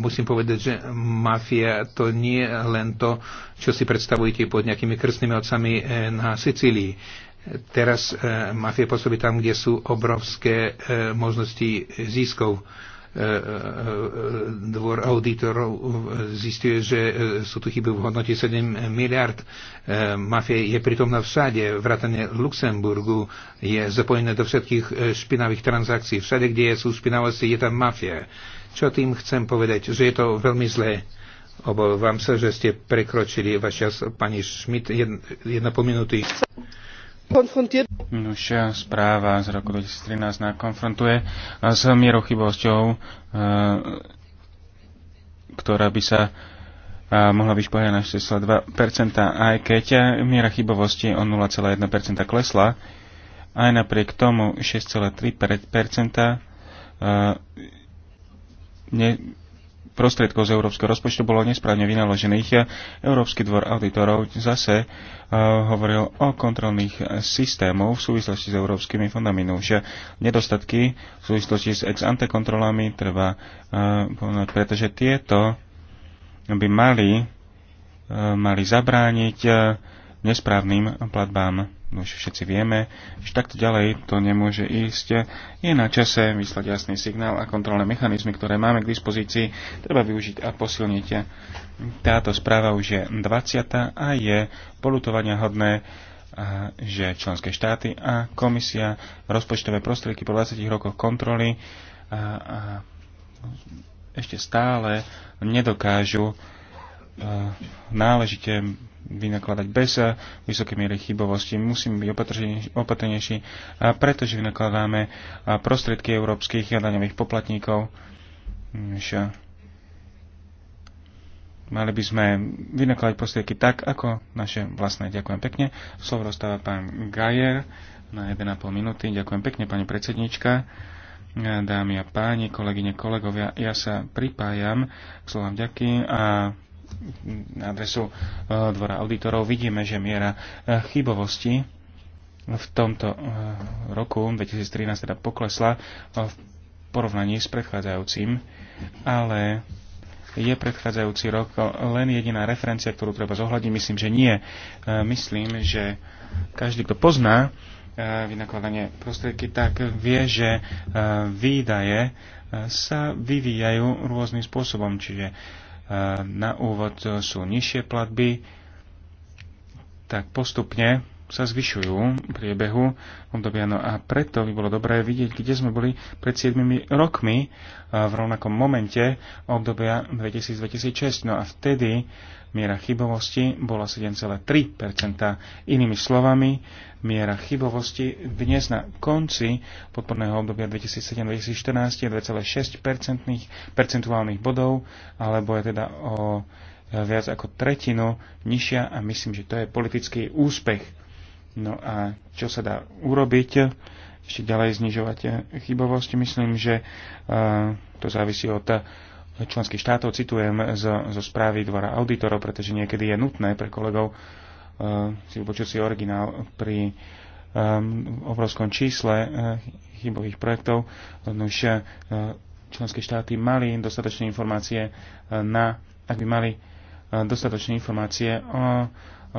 musím povedať, že mafia to nie je len to, čo si predstavujete pod nejakými krstnými otcami eh, na Sicílii. Teraz eh, mafia pôsobí tam, kde sú obrovské eh, možnosti získov. Dvor auditorov zistuje, že sú tu chyby v hodnote 7 miliard. Mafia je pritomná všade, vrátane Luxemburgu, je zapojené do všetkých špinavých transakcií. Všade, kde sú špinavosti, je tam mafia čo tým chcem povedať? Že je to veľmi zlé. Obávam sa, že ste prekročili váš čas, pani Schmidt, jedna, po pominutý. Minúšia správa z roku 2013 nás konfrontuje s mierou chybosťou, e, ktorá by sa e, mohla byť pohľadať na 6,2%, aj keď miera chybovosti o 0,1% klesla, aj napriek tomu 6,3% ne, prostriedkov z európskeho rozpočtu bolo nesprávne vynaložených. Európsky dvor auditorov zase uh, hovoril o kontrolných systémoch v súvislosti s európskymi fondami. No už nedostatky v súvislosti s ex ante kontrolami treba uh, povedať, pretože tieto by mali, uh, mali zabrániť uh, nesprávnym platbám. Už všetci vieme, že takto ďalej to nemôže ísť. Je na čase vyslať jasný signál a kontrolné mechanizmy, ktoré máme k dispozícii, treba využiť a posilniť. Táto správa už je 20. a je polutovania hodné že členské štáty a komisia rozpočtové prostriedky po 20 rokoch kontroly a, a ešte stále nedokážu náležite vynakladať bez eh, vysokej miery chybovosti. Musíme byť opatrnejší, eh, pretože vynakladáme eh, prostriedky európskych a daňových poplatníkov. Mm, mali by sme vynakladať prostriedky tak, ako naše vlastné. Ďakujem pekne. Slovo dostáva pán Gajer na 1,5 minúty. Ďakujem pekne, pani predsednička dámy a páni, kolegyne, kolegovia, ja sa pripájam k slovám ďaky a na adresu eh, dvora auditorov vidíme, že miera eh, chybovosti v tomto eh, roku 2013 teda poklesla v porovnaní s predchádzajúcim, ale je predchádzajúci rok len jediná referencia, ktorú treba zohľadiť? Myslím, že nie. Myslím, že každý, kto pozná vynakladanie prostriedky, tak vie, že výdaje sa vyvíjajú rôznym spôsobom. Čiže na úvod sú nižšie platby, tak postupne sa zvyšujú v priebehu obdobia. No a preto by bolo dobré vidieť, kde sme boli pred 7 rokmi v rovnakom momente obdobia 2000-2006. No a vtedy miera chybovosti bola 7,3 Inými slovami, miera chybovosti dnes na konci podporného obdobia 2007-2014 je 2,6 percentuálnych bodov, alebo je teda o viac ako tretinu nižšia a myslím, že to je politický úspech. No a čo sa dá urobiť? Ešte ďalej znižovať chybovosť. Myslím, že e, to závisí od členských štátov. Citujem zo, zo správy Dvora auditorov, pretože niekedy je nutné pre kolegov e, si upočuť si originál pri e, obrovskom čísle chybových projektov. No už členské štáty mali dostatočné informácie na, ak by mali dostatočné informácie o, o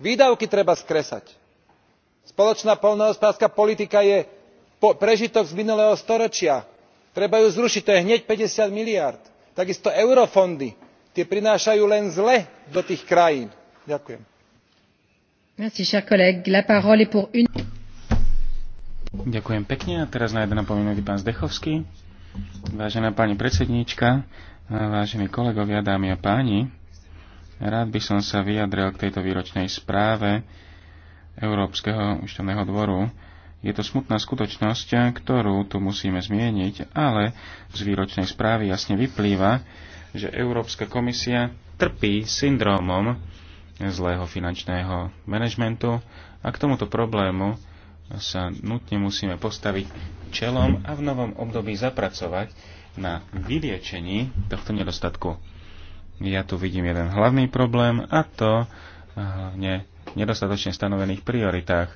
výdavky treba skresať. spoločná poľnohospodárska politika je prežitok z minulého storočia treba ju zrušiť to je hneď fifty miliárd. takisto eurofondy tie prinášajú len zle do tých krajín. ďakujem. Ďakujem pekne. A teraz na jedna pomenutý pán Zdechovský. Vážená pani predsedníčka, vážení kolegovia, dámy a páni, Rád by som sa vyjadril k tejto výročnej správe Európskeho účtovného dvoru. Je to smutná skutočnosť, ktorú tu musíme zmieniť, ale z výročnej správy jasne vyplýva, že Európska komisia trpí syndrómom zlého finančného manažmentu a k tomuto problému sa nutne musíme postaviť čelom a v novom období zapracovať na vyliečení tohto nedostatku ja tu vidím jeden hlavný problém a to eh, hlavne nedostatočne stanovených prioritách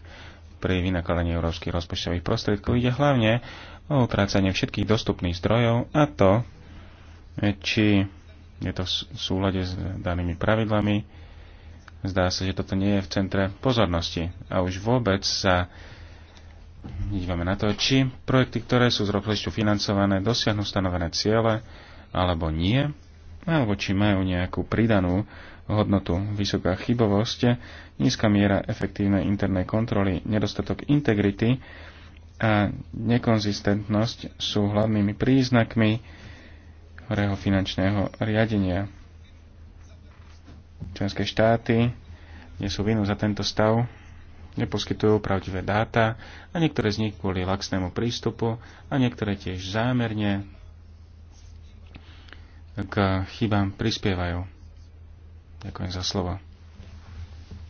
pri vynakladaní európskych rozpočtových prostriedkov ide hlavne o utrácanie všetkých dostupných zdrojov a to, eh, či je to v súlade s danými pravidlami. Zdá sa, že toto nie je v centre pozornosti. A už vôbec sa dívame na to, či projekty, ktoré sú z rozpočtu financované, dosiahnu stanovené ciele alebo nie alebo či majú nejakú pridanú hodnotu. Vysoká chybovosť, nízka miera efektívnej internej kontroly, nedostatok integrity a nekonzistentnosť sú hlavnými príznakmi horého finančného riadenia. Členské štáty, nie sú vinu za tento stav, neposkytujú pravdivé dáta a niektoré z nich kvôli laxnému prístupu a niektoré tiež zámerne k chybám prispievajú. Ďakujem za slovo.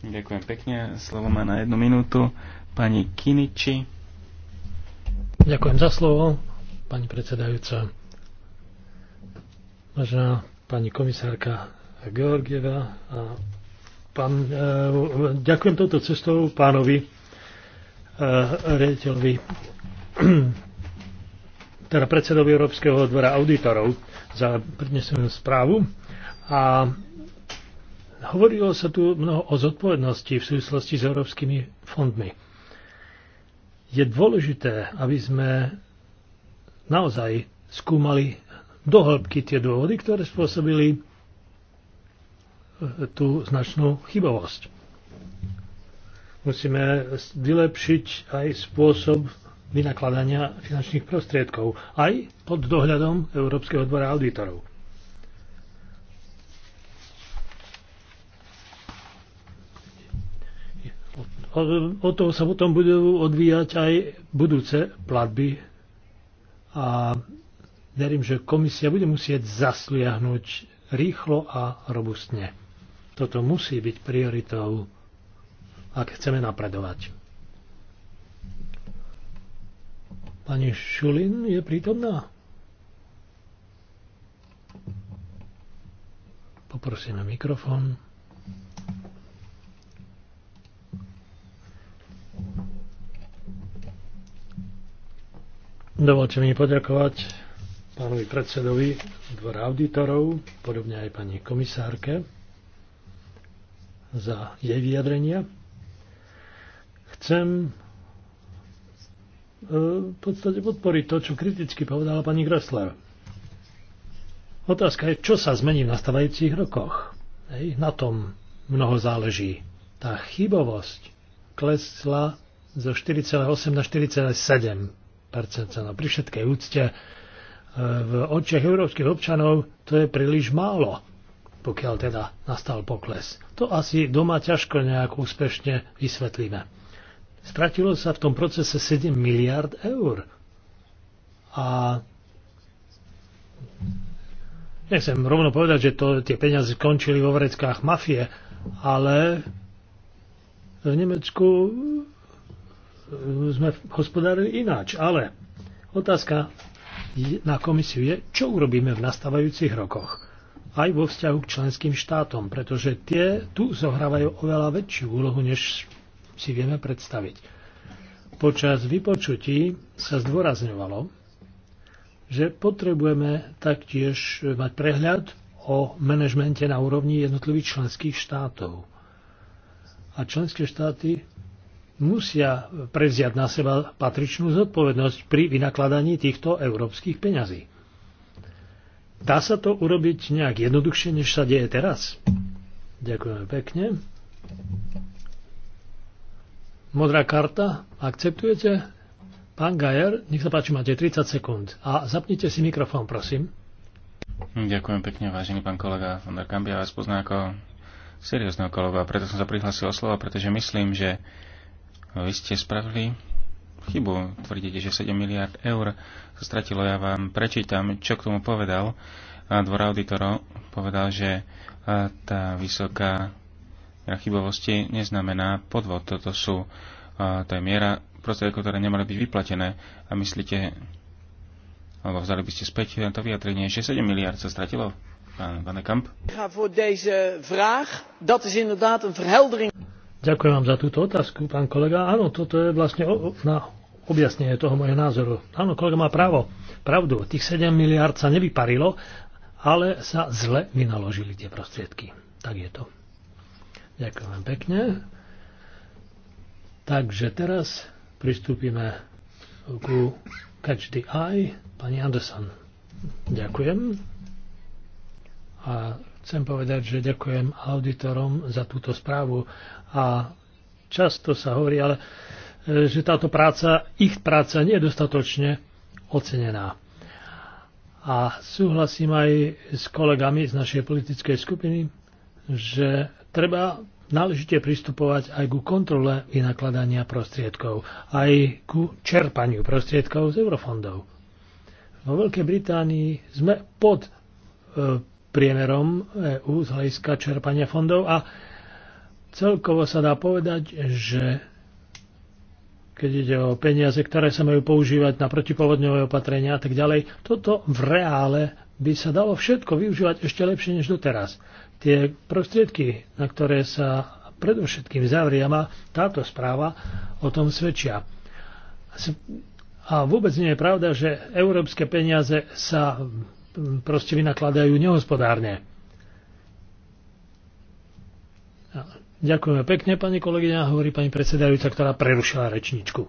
Ďakujem pekne. Slovo má na jednu minútu pani Kiniči. Ďakujem za slovo, pani predsedajúca. Možná pani komisárka Georgieva a pán, e, ďakujem touto cestou pánovi e, rediteľovi teda predsedovi Európskeho dvora auditorov za prednesenú správu. A hovorilo sa tu mnoho o zodpovednosti v súvislosti s európskymi fondmi. Je dôležité, aby sme naozaj skúmali dohĺbky tie dôvody, ktoré spôsobili e, tú značnú chybovosť. Musíme vylepšiť aj spôsob vynakladania finančných prostriedkov aj pod dohľadom Európskeho dvora auditorov. Od toho sa potom budú odvíjať aj budúce platby a verím, že komisia bude musieť zasliahnuť rýchlo a robustne. Toto musí byť prioritou, ak chceme napredovať. Pani Šulin je prítomná? Poprosím na mikrofón. Dovolte mi poďakovať pánovi predsedovi dvora auditorov, podobne aj pani komisárke, za jej vyjadrenia. Chcem E, v podstate podporiť to, čo kriticky povedala pani Gressler. Otázka je, čo sa zmení v nastávajúcich rokoch. Hej, na tom mnoho záleží. Tá chybovosť klesla zo 4,8 na 4,7 no, Pri všetkej úcte e, v očiach európskych občanov to je príliš málo, pokiaľ teda nastal pokles. To asi doma ťažko nejak úspešne vysvetlíme. Stratilo sa v tom procese 7 miliard eur. A nechcem rovno povedať, že to, tie peniaze skončili vo vreckách mafie, ale v Nemecku sme hospodárili ináč. Ale otázka na komisiu je, čo urobíme v nastávajúcich rokoch aj vo vzťahu k členským štátom, pretože tie tu zohrávajú oveľa väčšiu úlohu, než si vieme predstaviť. Počas vypočutí sa zdôrazňovalo, že potrebujeme taktiež mať prehľad o manažmente na úrovni jednotlivých členských štátov. A členské štáty musia prevziať na seba patričnú zodpovednosť pri vynakladaní týchto európskych peňazí. Dá sa to urobiť nejak jednoduchšie, než sa deje teraz? Ďakujeme pekne. Modrá karta, akceptujete? Pán Gajer, nech sa páči, máte 30 sekúnd. A zapnite si mikrofón, prosím. Ďakujem pekne, vážený pán kolega von der Gambia. Vás pozná ako seriózneho kolega, preto som sa prihlásil o slovo, pretože myslím, že vy ste spravili chybu. Tvrdíte, že 7 miliard eur sa stratilo. Ja vám prečítam, čo k tomu povedal. Dvor auditorov povedal, že tá vysoká chybovosti neznamená podvod. Toto sú, to je miera prostriedkov, ktoré nemali byť vyplatené. A myslíte, alebo vzali by ste späť to vyjadrenie, že 7 miliard sa stratilo? Pán Van Kamp. Ďakujem vám za túto otázku, pán kolega. Áno, toto je vlastne na objasnenie toho môjho názoru. Áno, kolega má právo. Pravdu, tých 7 miliard sa nevyparilo, ale sa zle vynaložili tie prostriedky. Tak je to. Ďakujem vám pekne. Takže teraz pristúpime ku Catch the Eye, pani Anderson. Ďakujem. A chcem povedať, že ďakujem auditorom za túto správu. A často sa hovorí, ale e, že táto práca, ich práca nie je dostatočne ocenená. A súhlasím aj s kolegami z našej politickej skupiny, že treba náležite pristupovať aj ku kontrole vynakladania prostriedkov, aj ku čerpaniu prostriedkov z eurofondov. Vo Veľkej Británii sme pod e, priemerom EU z hľadiska čerpania fondov a celkovo sa dá povedať, že keď ide o peniaze, ktoré sa majú používať na protipovodňové opatrenia a tak ďalej, toto v reále by sa dalo všetko využívať ešte lepšie než doteraz tie prostriedky, na ktoré sa predovšetkým zavriama táto správa o tom svedčia. A vôbec nie je pravda, že európske peniaze sa proste vynakladajú nehospodárne. Ďakujeme pekne, pani kolegyňa, hovorí pani predsedajúca, ktorá prerušila rečničku.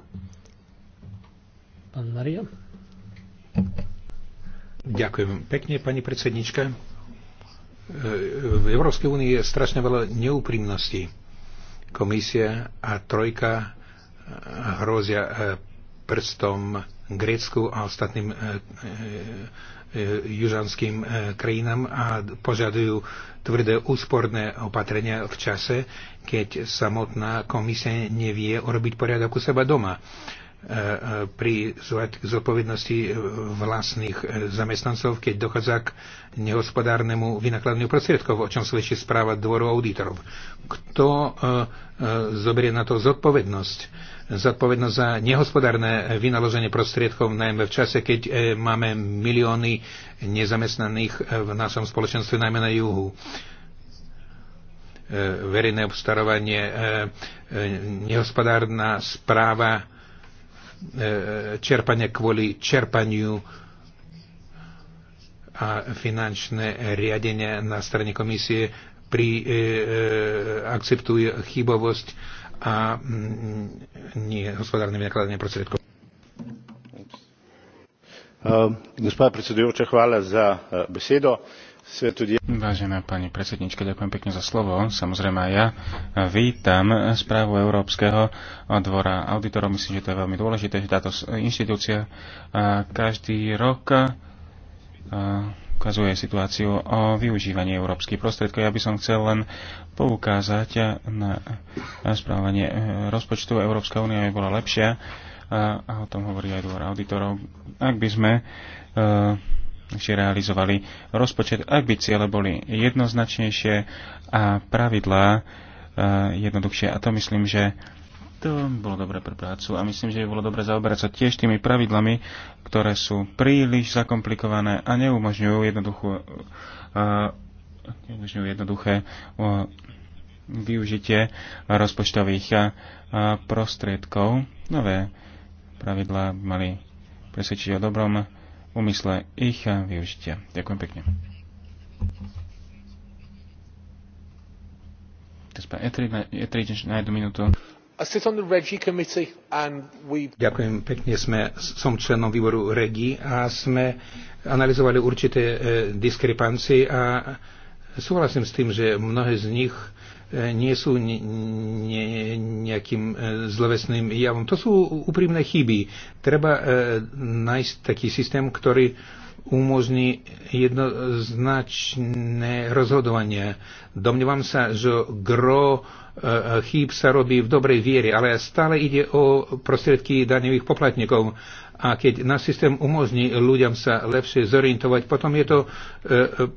Pán Maria. Ďakujem pekne, pani predsednička v Európskej únii je strašne veľa neúprimností. Komisia a trojka e, hrozia e, prstom Grécku a ostatným e, južanským krajinám a požadujú tvrdé úsporné opatrenia v čase, keď samotná komisia nevie urobiť poriadok u seba doma pri zodpovednosti vlastných e, zamestnancov, keď dochádza k nehospodárnemu vynakladaniu prostriedkov, o čom svedčí správa dvoru auditorov. Kto e, e, zoberie na to zodpovednosť? Zodpovednosť za nehospodárne vynaloženie prostriedkov, najmä v čase, keď máme milióny nezamestnaných v našom spoločenstve, najmä na juhu verejné obstarovanie, nehospodárna správa E, čerpania kvôli čerpaniu a finančné riadenie na strane komisie pri, e, e akceptuje chybovosť a m, mm, nie hospodárne vynakladanie prostriedkov. Ehm, gospa predsedujoča, hvala za e, besedo. Vážená pani predsednička, ďakujem pekne za slovo. Samozrejme aj ja vítam správu Európskeho dvora auditorov. Myslím, že to je veľmi dôležité, že táto inštitúcia každý rok ukazuje situáciu o využívaní európskych prostriedkov. Ja by som chcel len poukázať na správanie e, rozpočtu Európska únia by bola lepšia a o tom hovorí aj dvor auditorov. Ak by sme e, si realizovali rozpočet, ak by ciele boli jednoznačnejšie a pravidlá e, jednoduchšie. A to myslím, že to bolo dobré pre prácu a myslím, že by bolo dobré zaoberať sa tiež tými pravidlami, ktoré sú príliš zakomplikované a neumožňujú jednoduchú e, neumožňujú jednoduché využitie rozpočtových e, prostriedkov. Nové pravidlá mali presvedčiť o dobrom úmysle ich využitia. Ďakujem pekne. Ďakujem pekne, sme, som členom výboru REGI a sme analyzovali určité e, diskrepancie a súhlasím s tým, že mnohé z nich nie sú nejakým e, zlovesným javom. To sú úprimné chyby. Treba e, nájsť taký systém, ktorý umožní jednoznačné rozhodovanie. Domnievam sa, že gro e, chýb sa robí v dobrej viere, ale stále ide o prostriedky daňových poplatníkov. A keď náš systém umožní ľuďom sa lepšie zorientovať, potom je to e,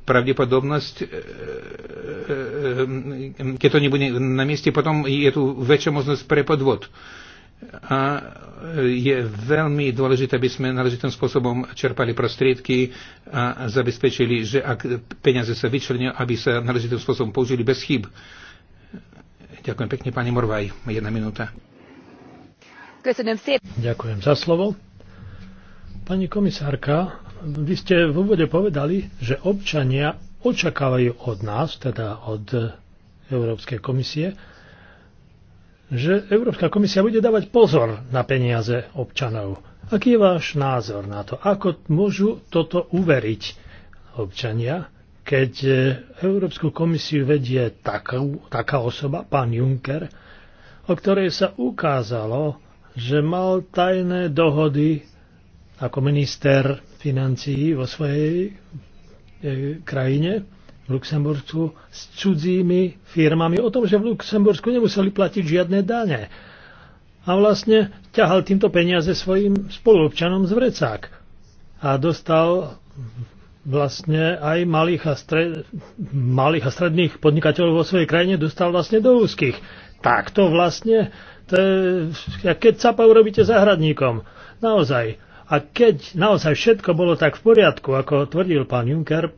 pravdepodobnosť, e, e, e, keď to nebude na mieste, potom je tu väčšia možnosť pre podvod. A je veľmi dôležité, aby sme náležitým spôsobom čerpali prostriedky a zabezpečili, že ak peniaze sa vyčlenia, aby sa náležitým spôsobom použili bez chyb. Ďakujem pekne, pani Morvaj. Jedna minúta. Ďakujem za slovo. Pani komisárka, vy ste v úvode povedali, že občania očakávajú od nás, teda od Európskej komisie, že Európska komisia bude dávať pozor na peniaze občanov. Aký je váš názor na to? Ako môžu toto uveriť občania, keď Európsku komisiu vedie takú, taká osoba, pán Juncker, o ktorej sa ukázalo, že mal tajné dohody ako minister financií vo svojej e, krajine, v Luxembursku, s cudzími firmami o tom, že v Luxembursku nemuseli platiť žiadne dane. A vlastne ťahal týmto peniaze svojim spoluobčanom z vrecák. A dostal vlastne aj malých a, stred, malých a stredných podnikateľov vo svojej krajine dostal vlastne do úzkých. Tak to vlastne, to je, keď sa urobíte zahradníkom. Naozaj, a keď naozaj všetko bolo tak v poriadku, ako tvrdil pán Juncker,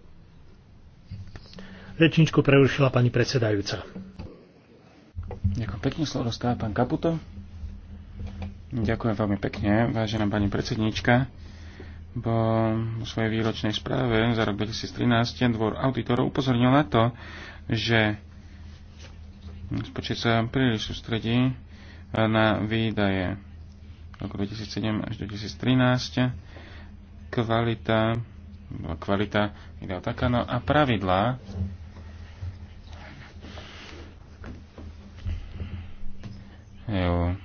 rečničku prerušila pani predsedajúca. Ďakujem pekne, slovo dostáva pán Kaputo. Ďakujem veľmi pekne, vážená pani predsednička. Bo vo svojej výročnej správe za rok 2013 dvor auditorov upozornil na to, že rozpočet sa príliš sústredí na výdaje roku 2007 až 2013. Kvalita, bola kvalita ideál taká, no a pravidlá Jo,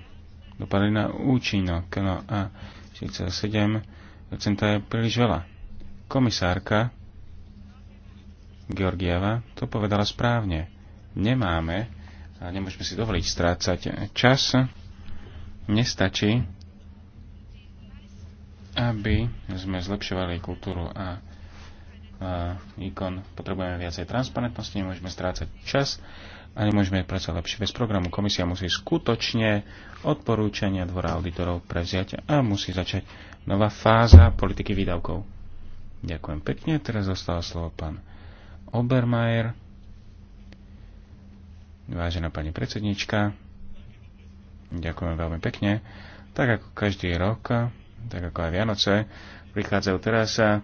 dopadli na účinok, no a 47% je príliš veľa. Komisárka Georgieva to povedala správne. Nemáme a nemôžeme si dovoliť strácať čas. Nestačí aby sme zlepšovali kultúru a, a ikon, potrebujeme viacej transparentnosti, nemôžeme strácať čas a nemôžeme pracovať lepšie bez programu. Komisia musí skutočne odporúčania dvora auditorov prevziať a musí začať nová fáza politiky výdavkov. Ďakujem pekne. Teraz dostáva slovo pán Obermajer. Vážená pani predsednička, ďakujem veľmi pekne. Tak ako každý rok, tak ako aj Vianoce, prichádzajú teraz. E,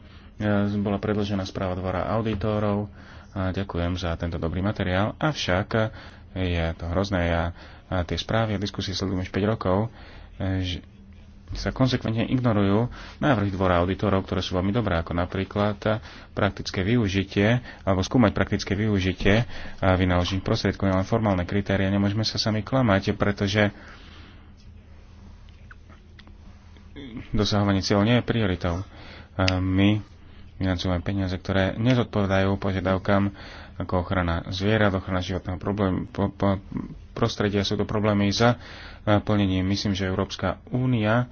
bola predložená správa dvora auditorov. A ďakujem za tento dobrý materiál. Avšak e, je to hrozné. Ja tie správy a diskusie sledujem už 5 rokov, e, že sa konsekventne ignorujú návrhy dvora auditorov, ktoré sú veľmi dobré, ako napríklad praktické využitie, alebo skúmať praktické využitie vynaložených prostriedkov, len formálne kritéria. Nemôžeme sa sami klamať, pretože dosahovanie cieľov nie je prioritou. My financujeme peniaze, ktoré nezodpovedajú požiadavkám ako ochrana zvierat, ochrana životného problému, po, po, prostredia sú to problémy za e, plnením. Myslím, že Európska únia e,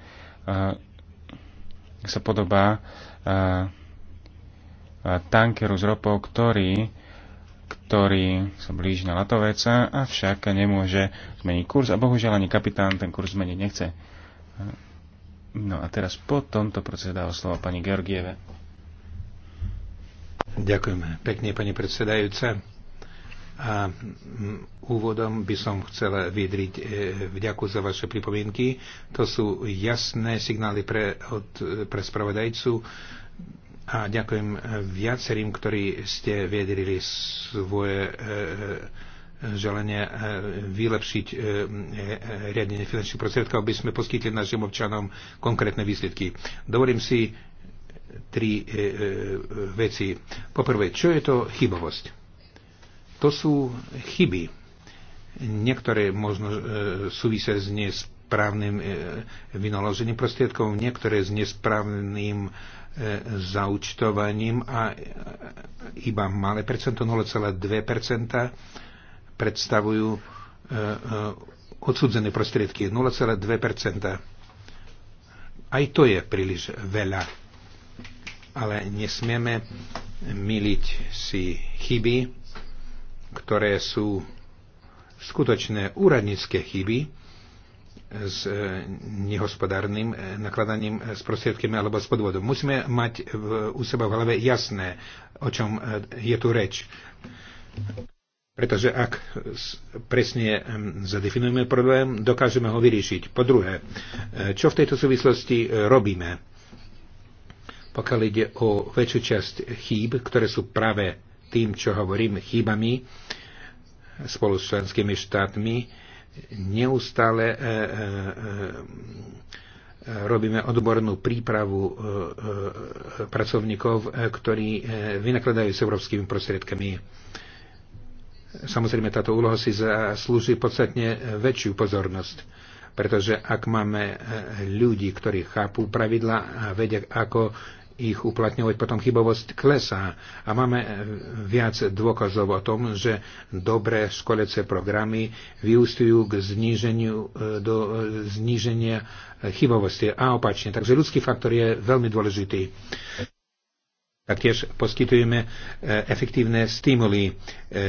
sa podobá e, tankeru z ropou, ktorý ktorý sa blíži na Latoveca, avšak nemôže zmeniť kurz a bohužiaľ ani kapitán ten kurz zmeniť nechce. No a teraz po tomto procese dáva slovo pani Georgieve. Ďakujeme pekne, pani predsedajúce. A úvodom by som chcel vydriť e, vďaku za vaše pripomienky. To sú jasné signály pre, od, pre spravodajcu a ďakujem viacerým, ktorí ste viedrili svoje e, želenie e, vylepšiť e, e, riadenie finančných prostriedkov, aby sme poskytli našim občanom konkrétne výsledky. Dovolím si tri veci. Poprvé, čo je to chybovosť? To sú chyby. Niektoré možno súvisia s nesprávnym vynaložením prostriedkov, niektoré s nesprávnym zaučtovaním a iba malé percento, 0,2 predstavujú e, e, odsudzené prostriedky 0,2 Aj to je príliš veľa. Ale nesmieme miliť si chyby, ktoré sú skutočné úradnícke chyby s e, nehospodárnym nakladaním s prostriedkami alebo s podvodom. Musíme mať u seba v hlave jasné, o čom je tu reč. Pretože ak presne zadefinujeme problém, dokážeme ho vyriešiť. Po druhé, e, čo v tejto súvislosti e, robíme? Pokiaľ ide o väčšiu časť chýb, ktoré sú práve tým, čo hovorím, chýbami spolu s členskými štátmi, neustále e, robíme odbornú prípravu pracovníkov, ktorí vynakladajú s európskymi prostriedkami Samozrejme, táto úloha si zaslúži podstatne väčšiu pozornosť, pretože ak máme eh, ľudí, ktorí chápu pravidla a vedia, ako ich uplatňovať, potom chybovosť klesá. A máme eh, viac dôkazov o tom, že dobré školece programy vyústujú k zníženiu, eh, do zníženia chybovosti a opačne. Takže ľudský faktor je veľmi dôležitý. Taktiež poskytujeme e, efektívne stimuly e,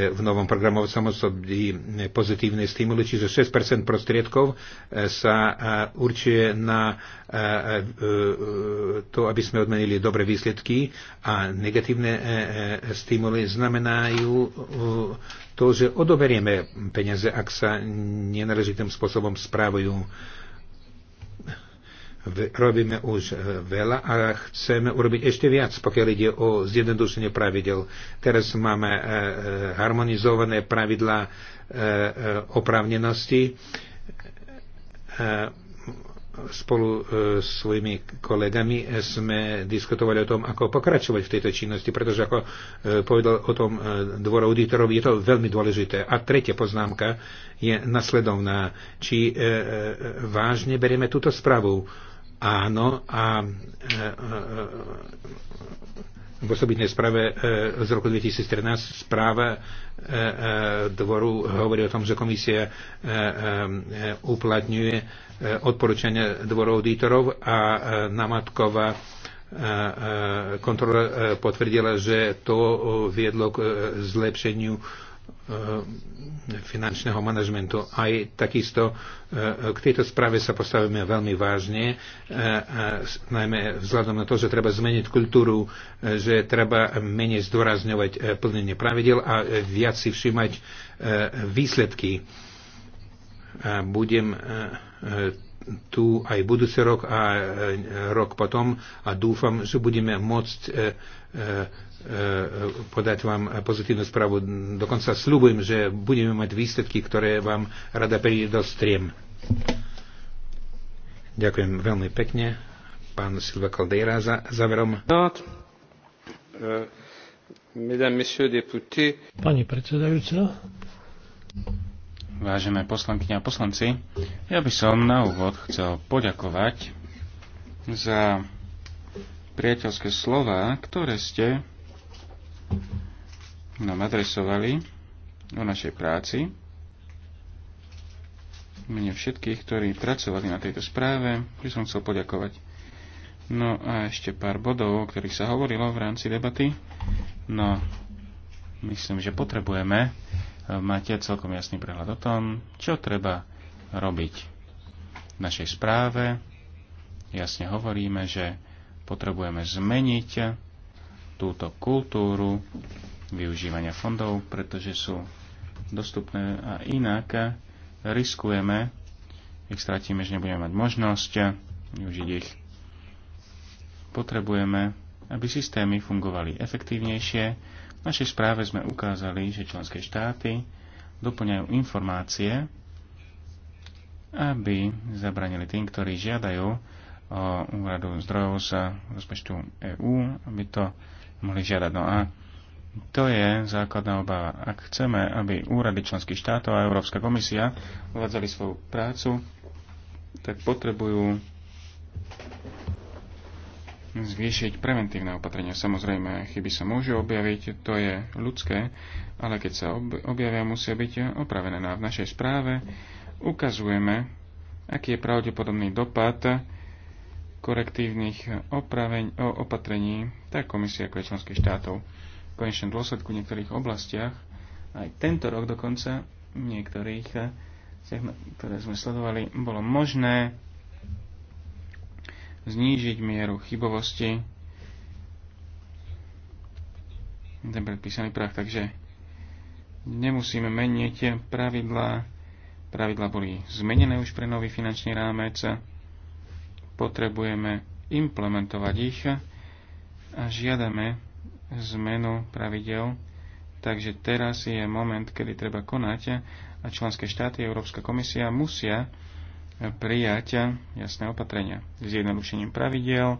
v novom programovacom osobi e, pozitívne stimuly, čiže 6 prostriedkov sa určuje na to, aby sme odmenili dobré výsledky a negatívne stimuly znamenajú to, že odoberieme peniaze, ak sa nenáležitým spôsobom správajú robíme už eh, veľa a chceme urobiť ešte viac, pokiaľ ide o zjednodušenie pravidel. Teraz máme eh, eh, harmonizované pravidlá oprávnenosti spolu s svojimi kolegami sme diskutovali o tom, ako pokračovať v tejto činnosti, pretože ako povedal o tom dvor auditorov, je to veľmi dôležité. A tretia poznámka je nasledovná. Či vážne berieme túto správu? Áno, a e, e, e, v osobitnej správe z roku 2013 správa dvoru hovorí o tom, že komisia uplatňuje odporúčania dvorov auditorov a namatková kontrola potvrdila, že to viedlo k zlepšeniu Eh, finančného manažmentu. Aj takisto eh, k tejto správe sa postavíme veľmi vážne, eh, najmä vzhľadom na to, že treba zmeniť kultúru, že treba menej zdôrazňovať plnenie pravidel a viac si všimať výsledky. Budem tu aj budúci rok a e, rok potom a dúfam, že budeme môcť e, e, podať vám pozitívnu správu. Dokonca slúbujem, že budeme mať výsledky, ktoré vám rada predostriem. Ďakujem veľmi pekne. Pán Silva Caldeira za záverom. Pani predsedajúca, vážené poslankyne a poslanci. Ja by som na úvod chcel poďakovať za priateľské slova, ktoré ste nám adresovali o našej práci. Mne všetkých, ktorí pracovali na tejto správe, by som chcel poďakovať. No a ešte pár bodov, o ktorých sa hovorilo v rámci debaty. No, myslím, že potrebujeme máte celkom jasný prehľad o tom, čo treba robiť. V našej správe jasne hovoríme, že potrebujeme zmeniť túto kultúru využívania fondov, pretože sú dostupné a inak riskujeme, ich stratíme, že nebudeme mať možnosť využiť ich. Potrebujeme, aby systémy fungovali efektívnejšie v našej správe sme ukázali, že členské štáty doplňajú informácie, aby zabranili tým, ktorí žiadajú o úradu zdrojov sa rozpočtu EÚ, aby to mohli žiadať. No a to je základná obava. Ak chceme, aby úrady členských štátov a Európska komisia uvádzali svoju prácu, tak potrebujú zvýšiť preventívne opatrenia. Samozrejme, chyby sa môžu objaviť, to je ľudské, ale keď sa objavia, musia byť opravené. No a v našej správe ukazujeme, aký je pravdepodobný dopad korektívnych opraveň, o opatrení tak komisie ako členských štátov. V konečnom dôsledku v niektorých oblastiach, aj tento rok dokonca, v niektorých, eh, ktoré sme sledovali, bolo možné znížiť mieru chybovosti, ten predpísaný prach, takže nemusíme meniť pravidlá. Pravidla boli zmenené už pre nový finančný rámec. Potrebujeme implementovať ich a žiadame zmenu pravidel. Takže teraz je moment, kedy treba konať a členské štáty a Európska komisia musia prijať jasné opatrenia. Zjednodušením pravidel, e,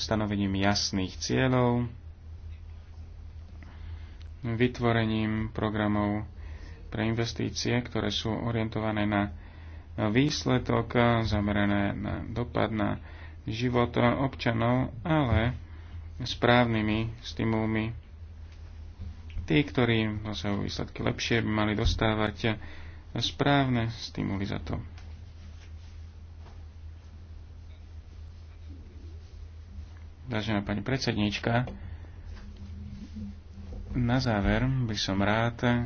stanovením jasných cieľov, vytvorením programov pre investície, ktoré sú orientované na výsledok, zamerané na dopad na život občanov, ale správnymi stimulmi. Tí, ktorí dosahujú výsledky lepšie, by mali dostávať správne stimuly za to. Vážená pani predsednička, na záver by som rád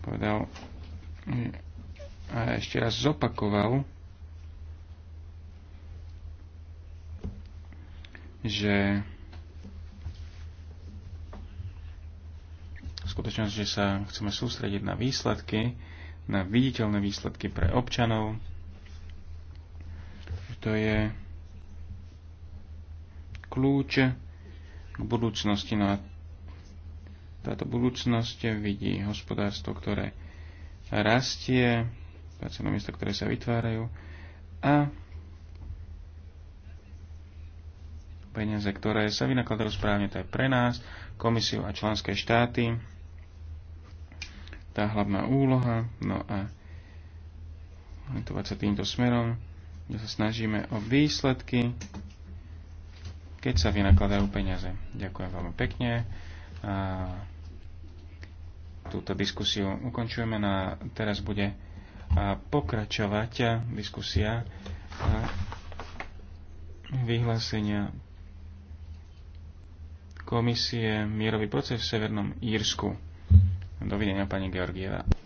povedal a ešte raz zopakoval, že skutočnosť, že sa chceme sústrediť na výsledky, na viditeľné výsledky pre občanov, to je kľúč k budúcnosti. No a táto budúcnosť vidí hospodárstvo, ktoré rastie, pracovné miesta, ktoré sa vytvárajú a peniaze, ktoré sa vynakladajú správne, to je pre nás, komisiu a členské štáty, tá hlavná úloha, no a orientovať sa týmto smerom, kde sa snažíme o výsledky, keď sa vynakladajú peniaze. Ďakujem veľmi pekne. A túto diskusiu ukončujeme no a teraz bude pokračovať diskusia a vyhlásenia komisie Mierový proces v Severnom Írsku. Dovidenia, pani Georgieva.